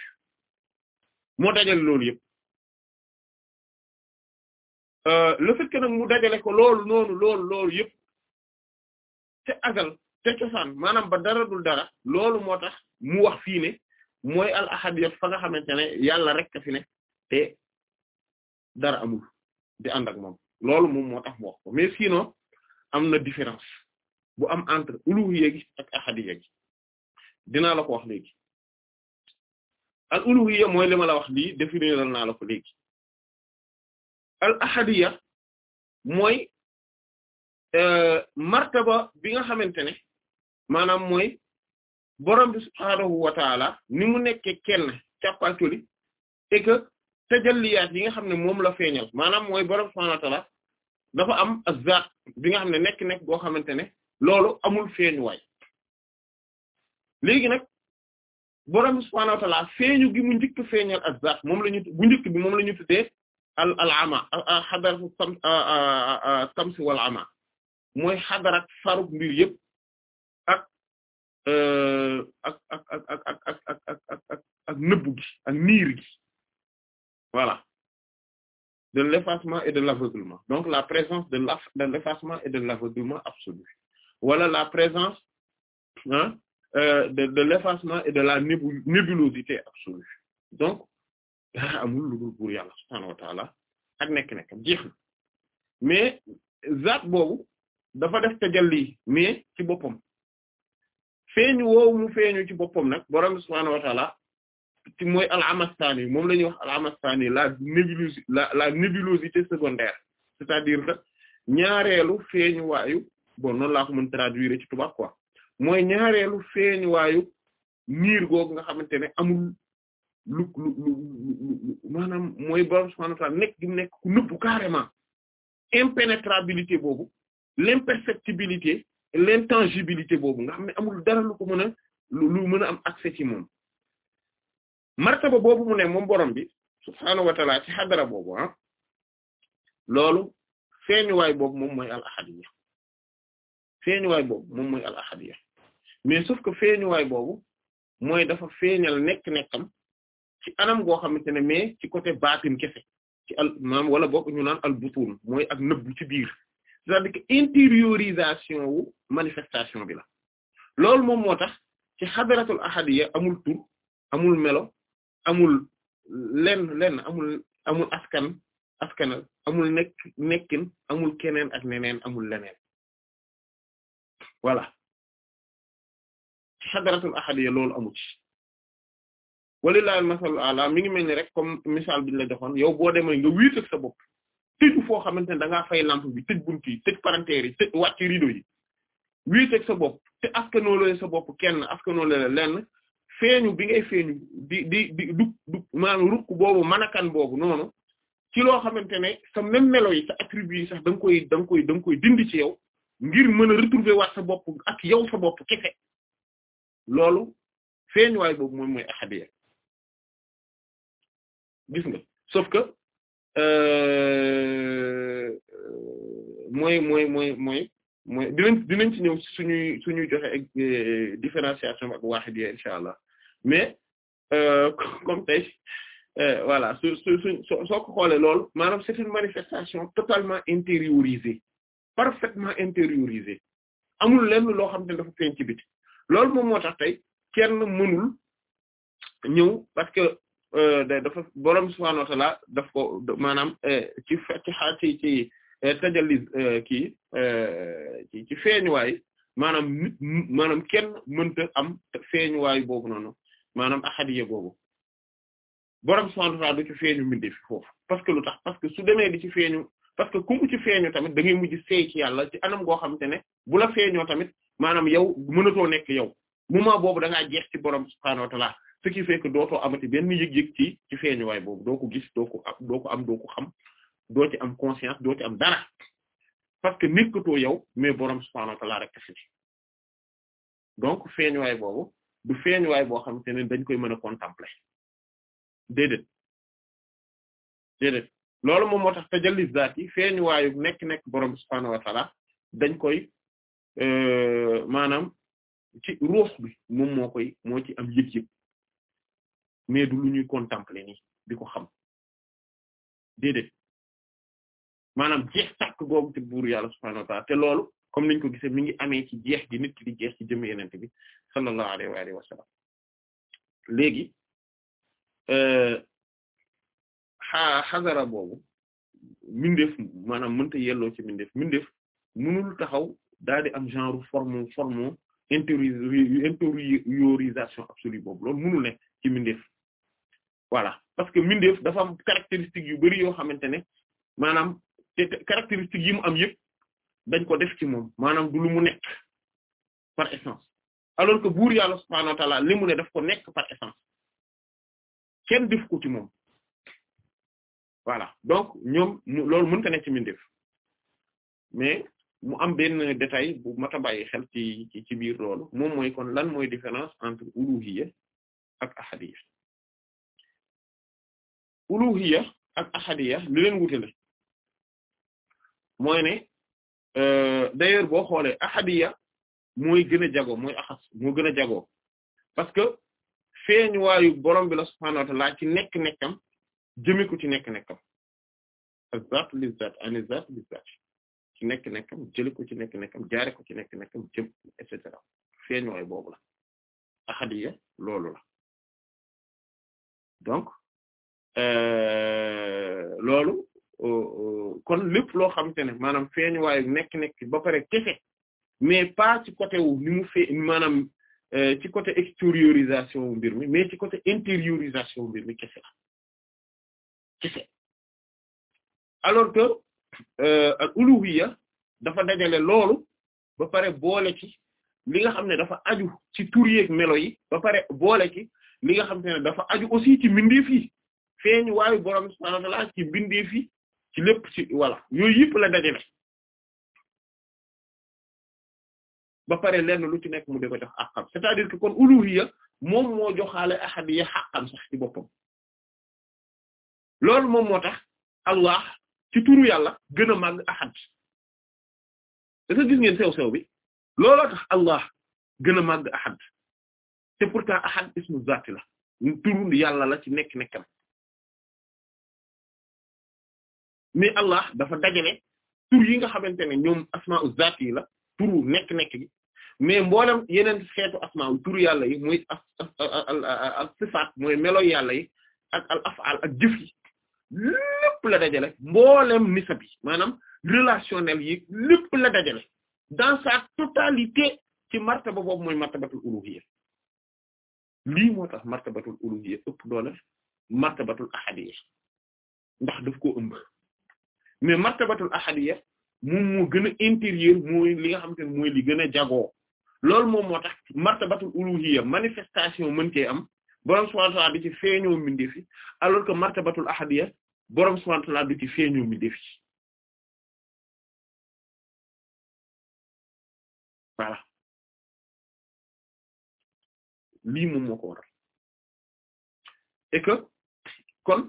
moo dajale loolu yépp euh, le fait que nag mu dajale ko loolu noonu loolu yépp te azal te cosaan maanaam ba dara dul dara loolu moo tax mu wax fii ne mooy al ahadiyya fa nga xamante ne yàlla rek a fi ne dara amul di ànd ak moom loolu moom moo tax mu wax ko mais sinon am na différence bu am entre uluhiyya gi ak ahadiyya gi dinaa la ko wax léegi al uluhiyya mooy li ma la wax lii définir lan naa la ko léegi al ahadiyya mooy euh, martaba bi nga xamante ne maanaam mooy borom bi subhaanahu wa taala ni mu nekkee kenn càppantuli et que tajalliyaat yi nga xam ne moom la feeñal maanaam mooy borom subhaanahu wa dafa am azzaat bi nga xam ne nekk nekk boo xamante ne loolu amul feeñuwaay léegi nag borom subhaanahu wa ta'aala feeñu gi mu njëkk feeñal azzaat moom la ñu bu bi moom la ñu tuddee al al ama xadaratu samsi wal ama mooy xadarak faruk mbir yëpp ak ak ak ak ak nëbbu gi ak niir gi voilà de l'effacement et de l'aveuglement donc la présence de la et de l'aveuglement absolu wala la présence ah de de l'effacement et de la nébulosité absolue donc dara amul lu dul buur yàlla subhaanahu wa ak nekk-nekk jeex na mais zaat boobu dafa def tajalli mais ci boppam feeñu woowu mu feeñu ci boppam nag borom subhaanahu wa ta'ala ci mooy al-Amastani moom la ñuy wax al-Amastani la nébuleuse la la nébulosité secondaire c'est-à-dire que ñaareelu feeñu waayu bon noonu laa ko mën traduire ci tubaab quoi mooy ñaareelu feeñ waayu niir googu nga xamante ne amul lu lu lu maanaam mooy borom subhaanahu wa ta'aala nekk gi mu nekk ku nëbbu carrément impénétrabilité boobu l'imperceptibilité l'intangibilité boobu nga xam ne amul dara lu ko mën a mën a am accès ci moom martaba boobu mu ne moom borom bi subhaanahu wa boobu ah, loolu feeñuwaay boobu moom mooy al feeñuwaay boobu moom mooy al ahadiyya mais sauf que feeñuwaay boobu mooy dafa feeñal nekk-nekkam ci anam goo xamante ne mais ci côté baatin kese ci al maanaam wala bokk ñu naan al butun mooy ak nëbbu ci biir cest wu manifestation bi la loolu moom moo tax ci xadaratul ahadiyya amul tur amul melo amul lenn len amul amul askan askanal amul nekk nekkin amul keneen ak neneen amul leneen voilà ci xadaratul ahadiyya loolu amu ci walillahi al-masalul a'la mi ngi mel ni rek comme misaal biñ ñu la joxoon yow boo demee nga wiit ak sa bopp tëju foo xamante ne da ngaa fay lampe bi tëj bunt yi tëj palanteer yi tëj wàcc sa bopp te askanoolee sa bopp kenn askanoolee la lenn feeñu bi ngay feeñu di di di du du maanaam ruq boobu manakan boobu noonu ci loo xamante ne sa même melo sa attribut sax da koy da koy da koy dindi ci yow ngir mën a retrouver wax sa bopp ak yow sa bopp kese loolu feeñuwaay boobu moom mooy ahadiya gis nga sauf que euh, mooy mooy mooy mooy mooy dinañ dinañ ñëw suñuy suñuy joxe ak euh, différenciation ak wahidiya incha allah mais euh, comme tey voilà su su su soo ko xoolee loolu maanaam c'est une manifestation totalement intériorisée parfaitement intériorisé amul lenn loo xam te ne dafa feeñ ci biti loolu moom moo tax tey kenn mënul ñëw parce que euh, dafa borom subhaanahu wa daf ko maanaam euh, ci ci ci euh, tajalli kii ci ci feeñuwaay maanaam nit maanaam kenn mënta am feeñuwaay boobu noonu maanaam ahadiyya boobu borom subhaanahu wa ta'aala du ci feeñu mbindeef parce que lu tax parce que su demee di ci feeñu parce que ku ci feeñu tamit da ngay mujj seey ci yàlla ci anam goo xamante ne bu la feeñoo tamit maanaam yow mënatoo nekk yow moment boobu da ngaa jeex ci borom subhaanahu wa ta'ala ce qui fait que dootoo amati benn yëg-yëg ci ci waay boobu doo ko gis ko am doo ko am xam doo am conscience doo ci am dara parce que yow mais borom subhaanahu wa ta'ala rek ci donc boobu du feeñuwaay boo xamante ne dañ koy mën a contempler déedéet déedéet loolu moom moo tax tajalli zaat yi feeñ waayu nekk nekk borom subhaanahu wa dañ koy euh, maanaam ci ruux bi moom moo koy moo ci am yëg-yëg mais du lu ñuy contempler nii xam déedéet maanaam jeex tàkk googu te buur yàlla subhaanahu wa te loolu comme niñ ko gisee mi ngi amee ci jeex gi nit ki di jeex ci jëm yenente bi sallallahu alayhi wa alihi wa xaa xasara boobu mindeef maanaam mënta yelloo ci mindeef mindeef mënul taxaw daal di am genre forme forme intériorisation absolue boobu loolu mënul nekk ci mindeef voilà parce que mindeef dafa am caractéristiques yu bari yoo xamante ne maanaam te caractéristiques mu am yëpp dañ ko def ci moom maanaam du lu mu nekk par essence alors que buur yàlla subhaanahu wa ta'aala li mu ne daf ko nekk par essence kenn def ko ci moom voilà donc ñoom loolu mënta nekk ci mbindeef mais mu am benn détail bu mat a xel ci ci biir loolu moom mooy kon lan mooy différence entre uluhiyya ak ahadiyya uluhiyya ak ahadiyya li leen wutale mooy ne euh, d'ailleurs boo xoolee ahadiyya mooy gën a jago mooy axas moo gën a jagoo parce que feeñuwaayu borom bi la subhaanahu wa ta'aala ci nekk-nekkam jëmee ko ci nekk-nekkam azat li zat ani zat li zat ci nekk-nekkam jële ko ci nekk-nekkam jaare ko ci nekk-nekkam jëm et cetera feeñooy boobu la ahadiya loolu la donc euh, loolu euh, euh, kon lépp loo xamante ne maanaam feeñuwaayu nekk-nekk ba pare kese mais pas ci côté wu ni mu fee ci côté extériorisation mbir mi mais ci côté intériorisation mbir mi kese la kese alors que euh, al uluhiyya dafa dajale loolu ba pare boole ci li nga xam ne dafa aju ci tur yeeg melo yi ba pare boole ci li nga xam ne dafa aju aussi ci mbindeef yi feeñ waayu borom subhaanahu wa ta'aala ci mbindeef yi ci lépp ci wala yooyu yëpp la dajale ba pare lenn lu ci nekk mu di ko jox àqam c'est-à-dire que kon uluhiyya moom moo joxaale ahadiyya xaqam sax ci boppam loolu moom moo tax allah ci turu yàlla gën a màgg ahad da nga gën a màgg ahad te pourtant ahad ismu zaati la turu yàlla la ci nekk nekkam mais allah dafa dajale tur yi nga xamante ne ñoom asmaa'u zaati yi la turu nekk nekk mais mboolem yeneen xeetu asmaa'u turu yàlla yi muy as sifaat mooy melo yàlla yi ak al af'al ak jëf liip la dajale mboolem nisab yi maanaam relationnel yi lépp la dajale dans sa totalité ci martaba boobu mooy martabatul uluhiyya lii moo tax martabatul uluhiyya ëpp doole martabatul ahadiyya ndax daf ko ëmb mais martabatul ahadiyya moom moo gën a intérieur mooy li nga xamante ne mooy li gën a jagoo loolu moom moo tax martabatul uluhiyya manifestation mën cee am borom subhanahu wa ta'ala du ci feeñoo mbindeef fi alors martabatul ahadiyya borom subhanahu wa feeñoo mbindeef fi lii moom moo ko kon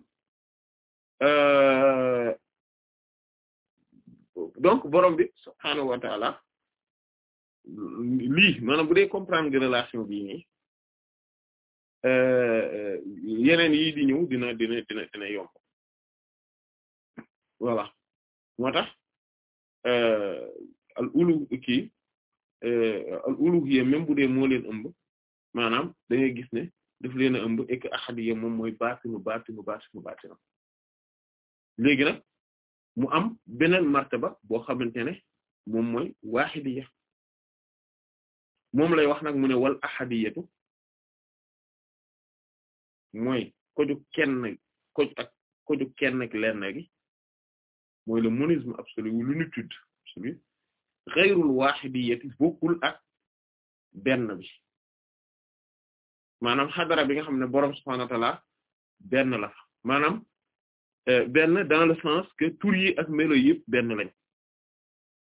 euh, donc borom bi subhanahu wa lii maanaam bu dee comprendre relation bi nii. Euh, euh, yeneen yi di ñëw dina dina dina yomb voilà moo euh, al ulu kii al uluhiyya même bu dee moo leen ëmb maanaam da ngay gis ne daf leen ëmb ek ahadiyya moom mooy baatinu baatinu baatinu baatinu léegi nag mu am beneen martaba boo xamante ne moom mooy wahidiyya lay wax nag mu ne wal ahadiyatu mooy koju kenn koj kenn ak lenn gi mooy le monisme absolu ou l'unitude absolue ghayrul wahidiyati bokkul ak benn bi maanaam xadara bi nga xam ne boroom subhaanahu benn la maanaam euh, benn dans le sens que tur yi ak melo yëpp benn lañ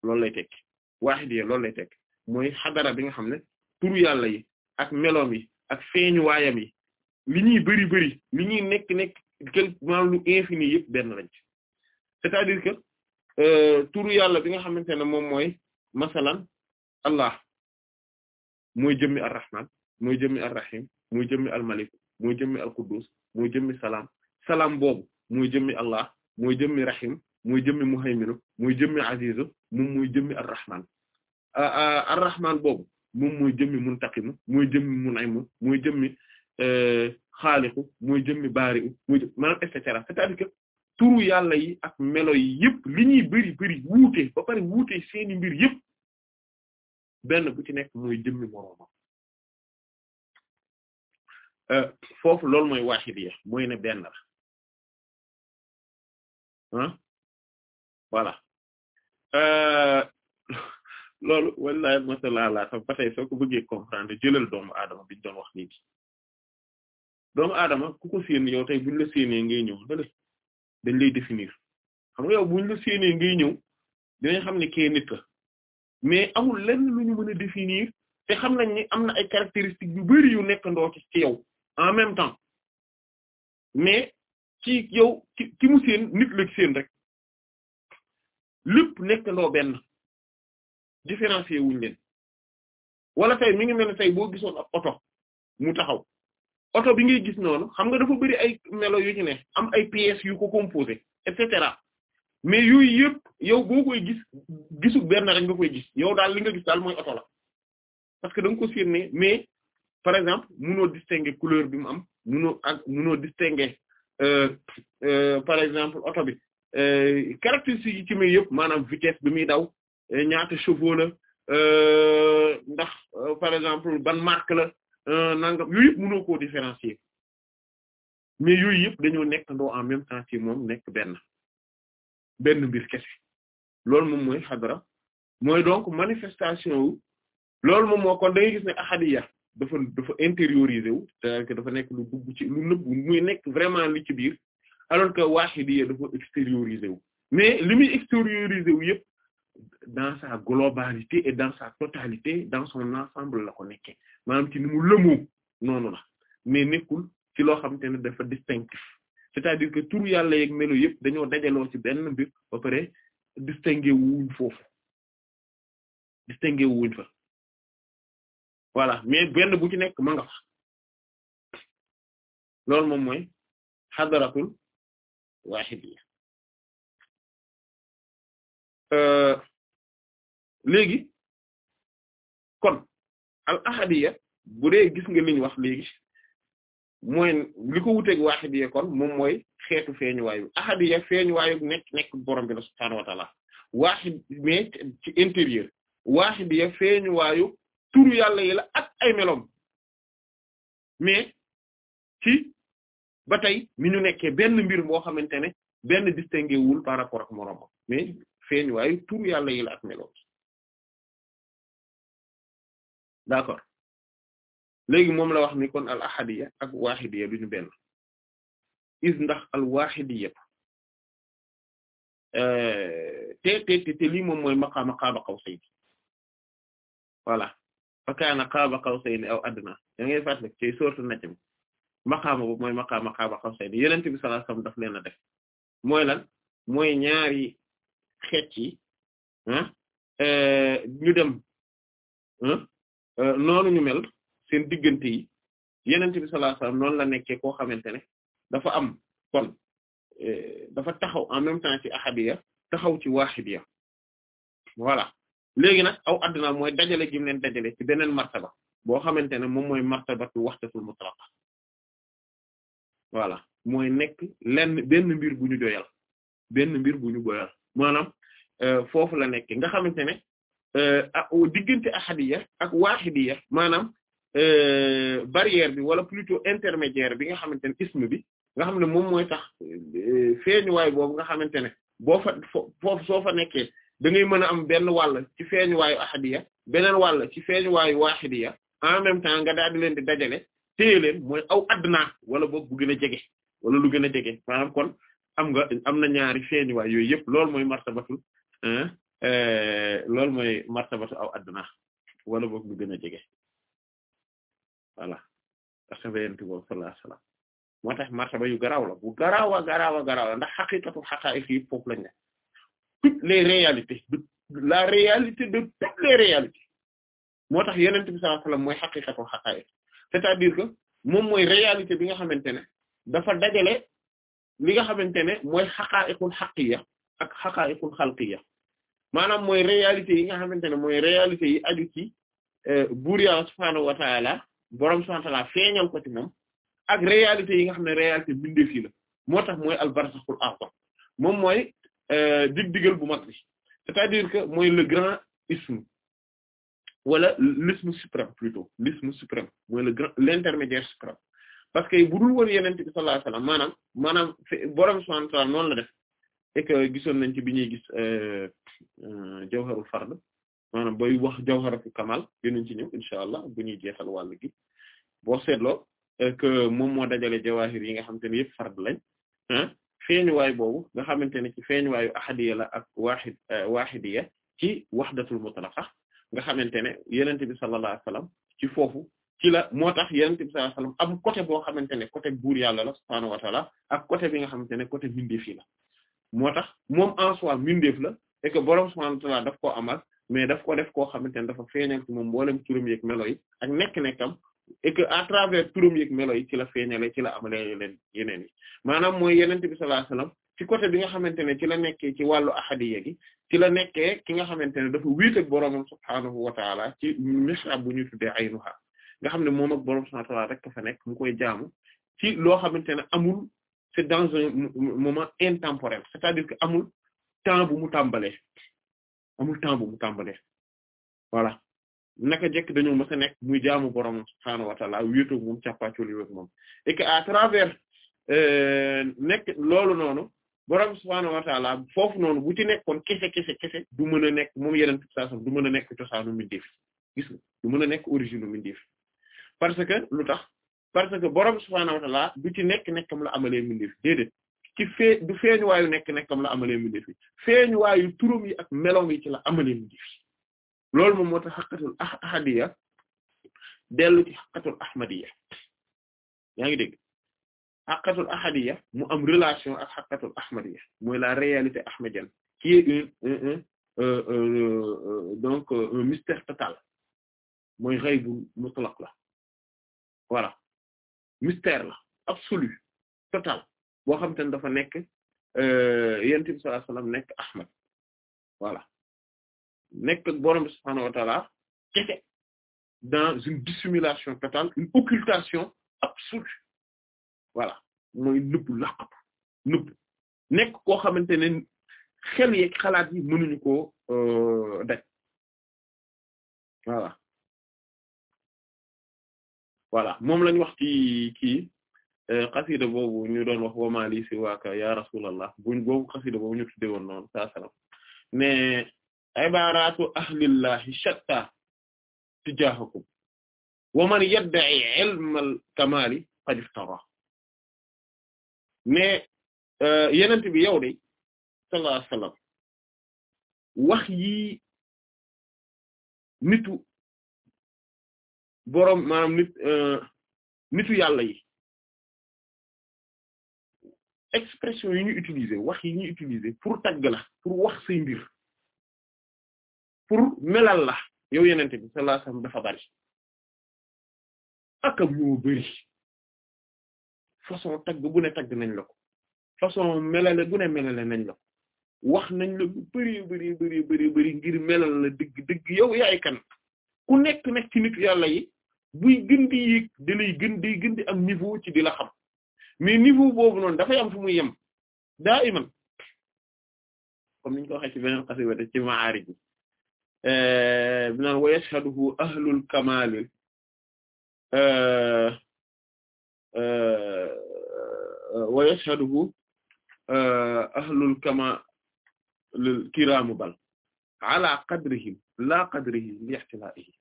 loolu lay tekki wahidiya loolu lay tekki mooy xadara bi nga xam ne tur yàlla yi ak meloom yi ak feeñu waayam yi li ñuy bëri bëri li ñuy nekk nekk quelque maanaam infini yëpp benn lañ ci cest dire que turu yàlla bi nga xamante ne moom mooy masalan allah mooy jëmmi ar-rahman mooy jëmmi ar-rahim mooy jëmmi al-malik mooy jëmmi al-quddus mooy jëmmi salaam salaam boobu mooy jëmmi allah mooy jëmmi rahim mooy jëmmi muhaymin mooy jëmmi aziz moom mooy jëmmi ar-rahman ar-rahman boobu moom mooy jëmmi muntaqim mooy jëmmi mun'im mooy jëmmi Euh, xaaliqu mooy jëmmi baari u mooy jëm maanaam yàlla yi ak melo wuute ba pare wuute seeni mbir yëpp benn bu ci nekk mooy jëmmi moroomam euh, foofu loolu mooy waaxidiya mooy ne benn la ah voilà euh, loolu wallaahi masala la sax ba tey soo ko bëggee comprendre jëlal doomu aadama biñ doon wax léegi doomu aadama ku ko séen yow tey buñ la séenee ngay ñëw dale dañ lay définir xam nga yow buñ la séenee ngay ñëw dinañ xam ne kee nit la mais amul len lu ñu mën définir te xam nañ ni am na ay caractéristiques yu bari yu nekk ndoo ci yow en même temps mais ci yow ki ki mu séen nit la ci rek lépp nekk ndoo benn différencier wuñ len wala tey mi ngi mel ne tey boo gisoon ab mu taxaw oto bi ngay gis noonu xam nga dafa bëri ay melo yu ci ne am ay pièces yu ko composé et mais yooyu yëpp yow boo koy gis gisul benn rek nga koy gis yow daal li nga gis daal mooy oto la parce que da nga ko sirne mais par exemple munoo distinguer couleur bi mu am munoo ak munoo distinguer euh, euh, par exemple oto bi euh, caractéristiques yi ci muy yëpp maanaam vitesse bi muy daw euh, ñaata chevaux euh, ndax par exemple ban marque la Euh, nangam yooyu yëpp mënoo koo différencier mais yooyu yëpp dañoo nekk ndoo en même temps ci moom nekk benn benn mbir kese loolu moom mooy xadara mooy donc manifestation wu loolu moom moo kon da ngay gis dafa dafa wu cest nekk lu dugg ci lu nëbbu muy nekk vraiment li ci biir alors que wahidiya dafa extériorisé wu mais li muy extériorisé wu yëpp dans sa globalité et dans sa totalité dans son ensemble la ko nekkee maanaam ci ni mu noonu la mais nekkul ci loo xamante ne dafa distinctif c'est-à-dire que turu yàlla yeeg melo yëpp dañoo dajaloo ci benn mbir ba pare distingué wuñ foofu distingué wuñ fa voilà mais benn bu nekk ma nga fa loolu moom mooy xadaratul wahidiyya euh, léegi kon al ahadiya bu dee gis nga liñ wax léegi mooy li ko wuteeg waaxidiya kon moom mooy xeetu feeñuwaayu ahadiya feeñuwaayu nekk nekk borom bi la subhaanahu wa taala mais ci intérieur waaxidiya feeñuwaayu turu yàlla yi la ak ay meloom mais ci ba tey mi nu nekke benn mbir moo xamante ne benn distingué wul par rapport ak moroomam mais feeñuwaayu turu yàlla yi la ak meloom d'accord léegi moom la wax ni kon al ahadiyya ak wahidiyya duñu benn is ndax al wahidiyya euh, te te te lii moom mooy maqaama qaaba qawsayni voilà fa kaana qaaba qawsayni aw adnaa da ngay fàttali ci sourate najm maqaama boobu mooy maqaama qaaba qawsayni yonent bi sallallahu alayhi wasallam daf leen a def mooy lan mooy ñaari xeet ah ñu dem ah Euh, noonu ñu mel seen diggante yi yeneen bi sallallahu alayhi noonu la nekkee koo xamante ne dafa am kon euh, dafa taxaw en même temps ci ahadiya taxaw ci wahidiya voilà léegi nag aw adduna mooy dajale gi mu dajale ci beneen martaba boo xamante ne moom mooy martabatu mu mutlaqa voilà mooy nekk lenn benn mbir bu ñu doyal benn mbir bu ñu doyal maanaam euh, foofu la nekk nga xamante ne Euh, a ahadiya ak waaxidiya maanaam euh, barrière bi wala plutôt intermédiaire bi nga xamante ne ism bi nga xam ne moom mooy tax euh, feeñuwaay boobu nga xamante ne boo fa foofu soo fa nekkee da ngay mën a am benn wàll ci feeñuwaayu ahadiya beneen wàll ci feeñuwaayu waaxidiya en même temps nga daal di leen di dajale téye leen mooy aw adna wala boog bu gën a jege wala lu gën a jege maanaam kon am nga am na ñaari feeñuwaay yooyu yëpp loolu mooy martabatul Euh, loolu mooy martabatu aw adduna wala boog bu gën a jege voilà asaba yentu boobu sallallahu alayhi moo tax martaba yu la bu garaaw a garaaw la ndax xaqiqatu xaqaa'iq yi foofu lañ ne toutes les réalités de réalité de toutes les réalités moo tax yenent bi sallallahu alayhi wasallam mooy xaqiqatu xaqaa'iq c'est-à-dire que moom mooy réalité bi nga xamante ne dafa dajale li nga xamante ne mooy xaqaa'iqul xaqiyya ak xaqaa'iqul xalqiyya maanaam mooy réalité yi nga xamante ne mooy réalité yi aju ci euh, buur yàlla subhaanahu wa borom subhaanahu wa taala feeñal ko ci moom ak réalité yi nga xam ne réalité bindeef yi la moo tax mooy albarsaxul ardh moom mooy euh, dig digal bu mag bi c'est-à-dire que mooy le grand ismu wala l'isme suprême plutôt l'isme suprême mooy le grand l'intermédiaire suprême parce que bu dul woon yenente bi sallallahu alayhi maanaam maanaam borom subhaanahu wa noonu la def et que gisoon nañ ci bi ñuy gis euh, Euh, jawharul fard maanaam bay wax jawharatu kamal dinañ ci ñëw incha allah bu ñuy jeexal wàll gi boo seetloo euh, que moom moo dajale jawahir yi nga xamante ne yëpp fard lañ ah feeñuwaay boobu nga xamante ne ci feeñuwaayu la ak waaxid euh, waaxidiya ci wahdatul mutlaqa nga xamante ne yenente bi sallallahu alayhi wasallam ci foofu ci la moo tax yenente bi sallallahu alayhi wasallam am côté boo xamante ne côté buur yàlla la subhaanahu wa ta'ala ak côté bi nga xamante ne côté mindeef yi la moo tax moom en soi mindeef la et que borom daf koo amal mais daf ko def koo xamante ne dafa feeñal ci moom mboolem turam yeeg melo yi ak nekk-nekkam et que à travers turam yeeg melo yi ci la feeñale ci la amalee yeneen yeneen yi mooy yeneen bi sallallahu alayhi wasallam ci côté bi nga xamante ne ci la nekkee ci wàllu ahadiyya gi ci la nekkee ki nga xamante ne dafa wéet ak boroomam subhaanahu wa ta'ala ci mishrab bu ñu tuddee aynuha nga xam ne moom ak boroom subhaanahu wa nekk mu koy jaamu loo xamante ne amul c'est dans un moment intemporel c'est-à-dire que amul temps bu mu tàmbalee amul temps bu mu tàmbalee voilà naka jekk dañoo mës a nekk muy jaamu borom subhaanahu wa ta'ala wéetoo moom càppaacoli wéeg moom et que à travers euh, nekk loolu noonu borom subhaanahu wa ta'ala foofu noonu bu ci nekkoon kese kese kese du mën nekk moom yeneen situation du mën a nekk cosaanu mbindeef gis du mën a nekk origine u mbindeef parce que lu tax parce que borom subhaanahu wa ta'ala du ci nekk nekkam la amalee mbindeef déedéet ci fee du feeñuwaayu nekk-nekkam la amalee mu defi feeñuwaayu turam yi ak melom yi ci la amalee mu defi moom moo tax xaqatul ah, ahadiya dellu ci xaqatul ahmadiya yaa ngi dégg xaqatul ahadiya mu am relation ak xaqatul ahmadiya mooy la réalité ahmadienne qui est une un euh, euh, euh, donc un mystère total mooy ghaybu mutlaq la voilà mystère la absolu total boo xam te dafa nekk euh, yonent bi nekk Ahmad voilà nekk ak borom subhaanahu wa ta'ala dans une dissimulation totale une occultation absolue voilà mooy nëbb laqatu nëbb nekk koo xamante ne xel yeeg xalaat yi mënuñu koo euh, daj voilà voilà moom lañ wax ci kii Euh, xasida boobu ñu doon wax wama li siwaaka ya rasulallah buñ boobu xasida boobu ñu tudde woon noonu salaam ne ibaratu ahlillahi shatta tijahakum wa man yadda'i ilmal kamali qad iftara ne euh, yenent bi yow de sallallahu alayhi wasallam wax yi nitu boroom maanaam nit euh, yàlla yi expression yi ñu utiliser wax yi ñu utiliser pour tagg la pour wax say mbir pour melal la yow yenente bi sallallahu alayhi wasallam dafa bari akam ñoo bari façon tagg bu ne tagg nañ la ko façon melale bu ne melale nañ la ko wax nañ la bu bari bari bari bari ngir melal la dëgg dëgg yow yaay kan ku nekk nag ci nit yàlla yi buy gën di yéeg di lay gën di gën di am niveau ci di la xam mais niveau boobu noonu dafay am fu muy yem daa iman comme niñ ko waxee ci beneen xasi wate ci maari bi euh, bi naan wa yashhaduhu ahlul kamalil euh, euh, wa yashhaduhu ahlul bal ala qadrihim la qadrihim li ihtilaihi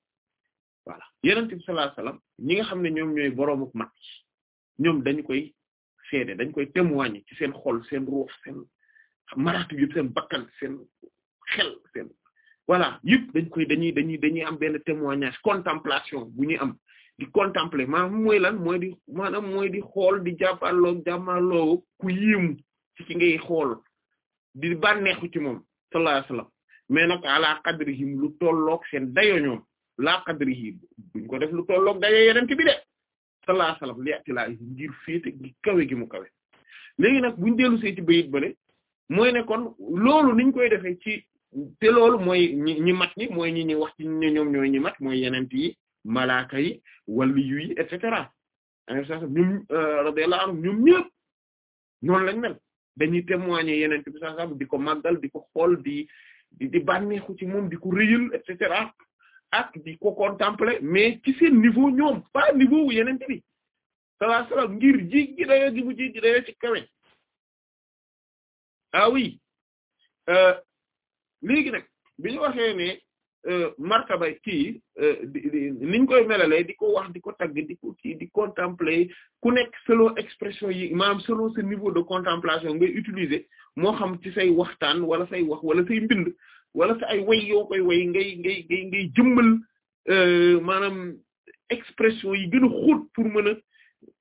voilà ñi nga xam ne ñoom ñooy boroomu mat ñoom dañu koy seede dañ koy témoigner ci seen xol seen ruux seen maraatu yëpp seen bakkan seen xel seen voilà yëpp dañ koy dañuy dañuy dañuy am benn témoignage contemplation bu ñuy am di contempler maanaam mooy lan mooy di maanaam mooy di xool di jàppaloo jàmmaloo ku ci ki ngay xool di bànneexu ci moom sallallahu alayhi wasallam mais nag ala qadrihim lu tolloog seen dayo ñoom laa qadrihi buñ lu tolloog dayo yeneen ci de sallallahu alayhi wasallam li'tilaa'ihi ngir féete gi kawe gi mu kawe léegi nag buñ dellu ci bayit bële mooy ne kon loolu niñ koy defee ci te loolu mooy ñi ñi mat ñi mooy ñi ñi wax ci ne ñoom ñooy ñi mat mooy yenent yi malaaka yi waliyu yi et cetera ñoom euh, radiyallahu anhum ñoom ñëpp noonu lañ mel dañuy témoigner yenent bi sallallahu di ko màggal di ko xool di di di bànneexu ci moom di ko rëyal et cetera ak di ko contempler mais ci seen niveau ñoom pas niveau wu yeneen bi sallallahu alayhi wasallam ngir ji gi dayoo gi mu ji gi dayoo ci kawe ah oui euh, léegi nag bi ñu waxee ne euh, martaba kii euh, niñ koy melalee di ko wax di ko tagg di kii di contempler ku nekk selon expression yi maanaam selon ce niveau de contemplation ngay utilisé moo xam ci say waxtaan wala say wax wala say mbind wala sa ay way yoo koy way ngay ngay ngay ngay jëmmal euh, maanaam expression yi gën a pour mën a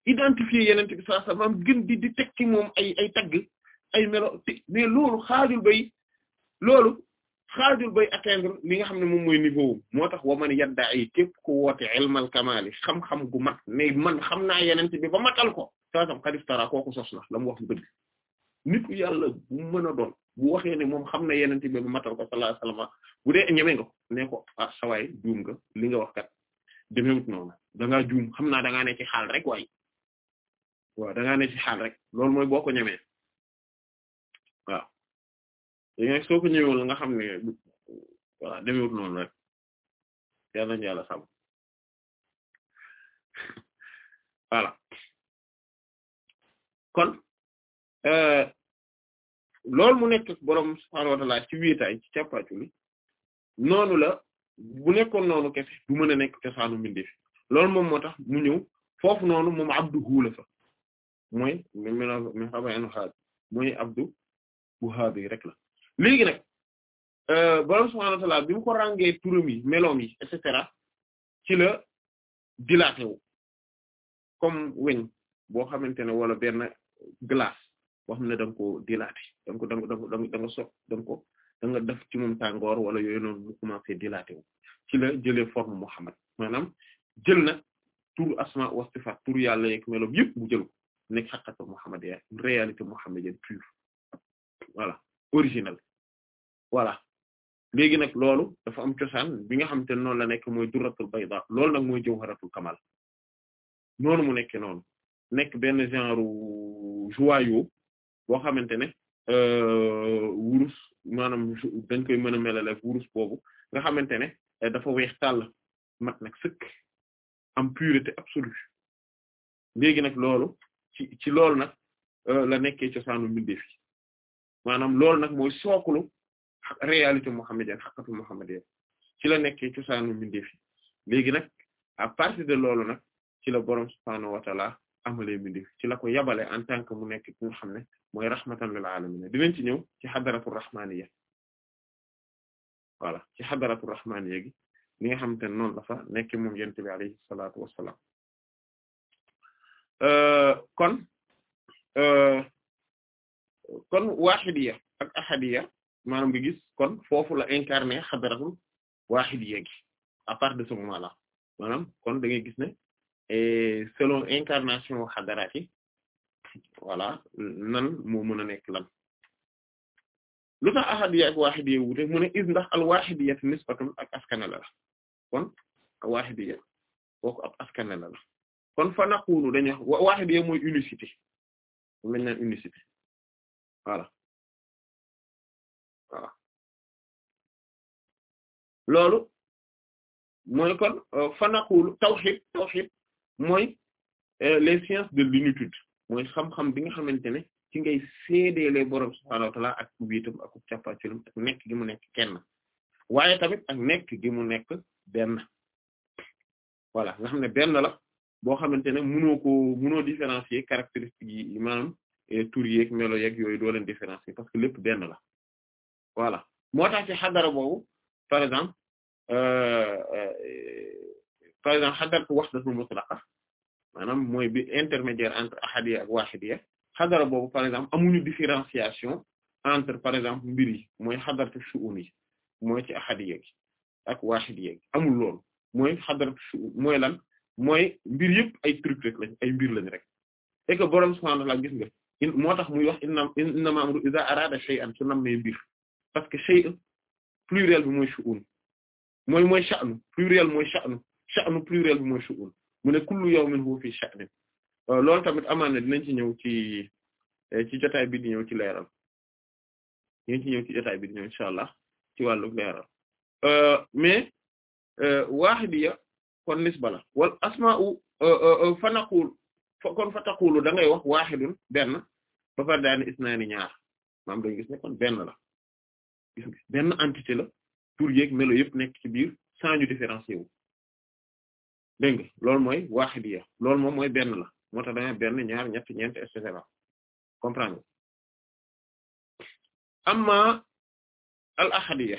identifier yeneen bi saa saa maanaam gën di di teg moom ay ay tagg ay melo mais loolu xaajul bay loolu xaajul li nga xam ne moom mooy niveau moo tax wa man yadda ay képp ku woote ilmal kamaali xam-xam gu mat man xam naa yeneen bi ba matal ko saa sam xadif tara kooku sos na la mu wax dëgg nitu yàlla bu mën a bu waxee ne moom xam na yeneen bi bu matal ko sallallahu alayhi wasallam bu dee ñeme nga ko nee ko ah sawaay juum nga li nga wax kat demeewut noonu da ngaa juum xam naa da ngaa ne ci xaal rek waaye waaw da ngaa ne ci xaal rek loolu mooy boo ko ñemee waaw léegi soo ko ñëwee nga xam ne voilà demeewut noonu rek yal nañu yàlla sàmm voilà kon. Euh, lool mu nekk borom subhaanahu wa ta'aala ci wéetaay ci càppaaculi noonu la bu nekkoon noonu kese du mën a nekk cosaanu mbindeef loolu moom moo tax mu ñëw foofu noonu moom abduhu la fa mooy mooy abdu léegi nag euh, borom subhaanahu wa ta'aala bi mu yi meloom yi et ci la dilaté wu comme weñ boo xamante ne wala benn glace boo xam ne da nga koo dilaté da nga ko da nga ko da so da ko da nga def tàngoor wala yooyu noonu bu commencé dilaté wu ci la forme Muhammad maanaam jël na tur asma wa sifaat tur yàlla yeeg meloom yëpp mu jël ko nekk xaqatu muhammadiyya réalité muhammadienne pure voilà original voilà léegi nag loolu dafa am cosaan bi nga xamante ne noonu la nekk mooy durratul bayda loolu nag mooy jawharatul kamal noonu mu nekkee noonu nekk benn genre joyau boo xamante ne euh, wurus maanaam dañ koy mën a melale ak wurus boobu nga xamante ne eh, dafa weex tàll mat nag sëkk am pureté absolue léegi nag loolu ci ci loolu nag euh, la nekkee cosaanu mbindeef yi maanaam loolu nag mooy sooklu réalité mohammedienne xaqatu mohammedienne ci la nekkee cosaanu mbindeef yi léegi nag à partir de loolu nag ci la boroom subhaanahu wa ta'ala amalee bindif ci la ko yabale en tant que mu nekk ki nga xam ne mooy rahmatan lil alamin dinañ ci ñëw ci xadaratul rahmaniya voilà ci xadaratul rahmaniya gi li nga xamante ne noonu la fa nekk moom yonent bi alayhi salaatu wassalaam euh, kon euh, kon waaxidiya ak ahadiya maanaam nga gis kon foofu la incarné xadaratul waaxidiya gi à de ce moment kon da ngay et selon incarnation xadaraat yi voilà nan moo mën a nekk lan lu tax ahadiyya ak wahidiyya wuute mu ne is ndax al wahidiyya nisbatun ak askanala la kon wahidiyya kooku ab askanala la kon fa naqulu dañuy wax wahidiyya mooy unicité lañ naan unicité voilà voilà loolu mooy kon euh, fa naqulu tawhid tawhid mooy euh, les sciences de l'initude mooy xam-xam bi nga xamante ne ci ngay seedeelee borom subhaanahu wa ak wéetam ak cappaanculam ak nekk gi mu nekk kenn waaye tamit ak nekk gi mu nekk benn voilà nga xam ne benn la boo xamante ne mënoo ko mënoo différencier caractéristiques yi maanaam tur yeeg melo yeeg yooyu doo leen différencier parce que lépp benn la voilà par exemple xadaratu wahdatul mutlaqa maanaam mooy bi intermédiaire entre ahadiya ak wahidiya xadara boobu par exemple amuñu différenciation entre par exemple mbir mooy xadaratu shu'un mooy ci ahadiya gi ak wahidiya amul loolu mooy xadaratu lan mooy mbir yëpp ay truc rek ay mbir lañ rek et que borom subhanahu wa ta'ala gis moo tax muy wax inna innama amru iza arada shay'an bi mooy shu'un mooy mooy sha'nu pluriel mooy sha'nu sha'nu pluriel bi mooy shu'un mu ne kullu yawmin huwa fi sha'n euh, loolu tamit amaana dinañ ci ñëw ci euh, ci jotaay bi di ñëw ci leeral dinañ ci ñëw ci jotaay bi di ñëw incha allah ci wàllu leeral euh, mais waahidiya kon nisba la wal u fa naqul kon fa taqulu da wax wahidun benn ba far daani isnaani ñaar maam dañu gis ne kon benn la gis benn entité la tur yeeg melo yëpp nekk ci biir sans ñu wu dégg nga loolu mooy waaxidiya loolu moom mooy benn la moo tax benn ñaar ñett ñeent et cetera comprendre amma al ahadiya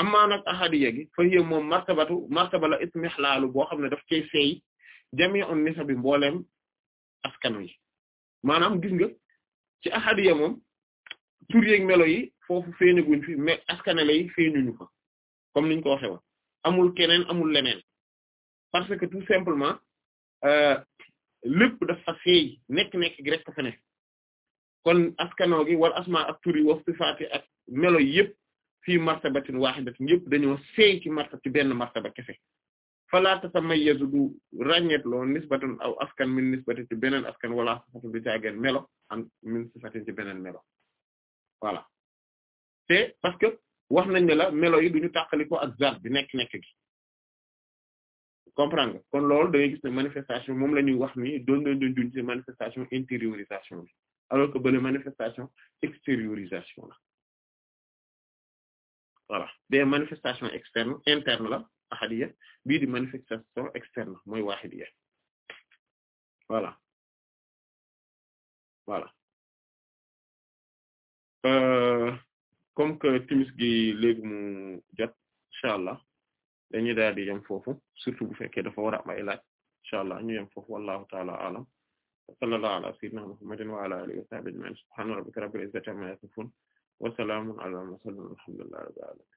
amma nag ahadiya gi fa hiya martabatu martaba la ismihlaalu boo xam ne daf cay feey jami'un nisabi mbooleem askan yi maanaam gis nga ci ahadiya moom tur yeeg melo yi foofu feeñaguñ fi mais askanale yi feeñuñu fa niñ ko waxee woon amul keneen amul leneen parce que tout simplement euh, lépp dafa seey nekk-nekk gi rek fa ne kon askanoo gi wal asma ak turi wa sifaati ak melo yëpp fii martabatin wahidatin yëpp dañoo seey ci martaba ci benn martaba kese fala tatamayyazu du ràññeetloo nisbatan aw askan beneen askan wala sifatu melo an ci beneen melo voilà te wax nañ ne la melo yi duñu tàqali ko ak zat bi nekk-nekk gi comprendre kon loolu da ngay gis ne manifestation moom la ñuy wax ni doon doon doon junj ci manifestation intériorisation bi alors que bële manifestation extériorisation la voilà interne la ahadiya bii di manifestation externe mooy wahidiya voilà voilà euh, comme que timis gi léegi mu jot incha allah dañuy daal di yem foofu surtout bu fekkee dafa war a am ay laaj incha allah ñu yem foofu wallahu taala alam wa sallallahu ala sayyidina muhammadin wa ala alihi wa sahbihi ajma'in subhana rabbika rabbil izzati amma yasifun wa salamun ala al mursalin walhamdulillahi rabbil alamin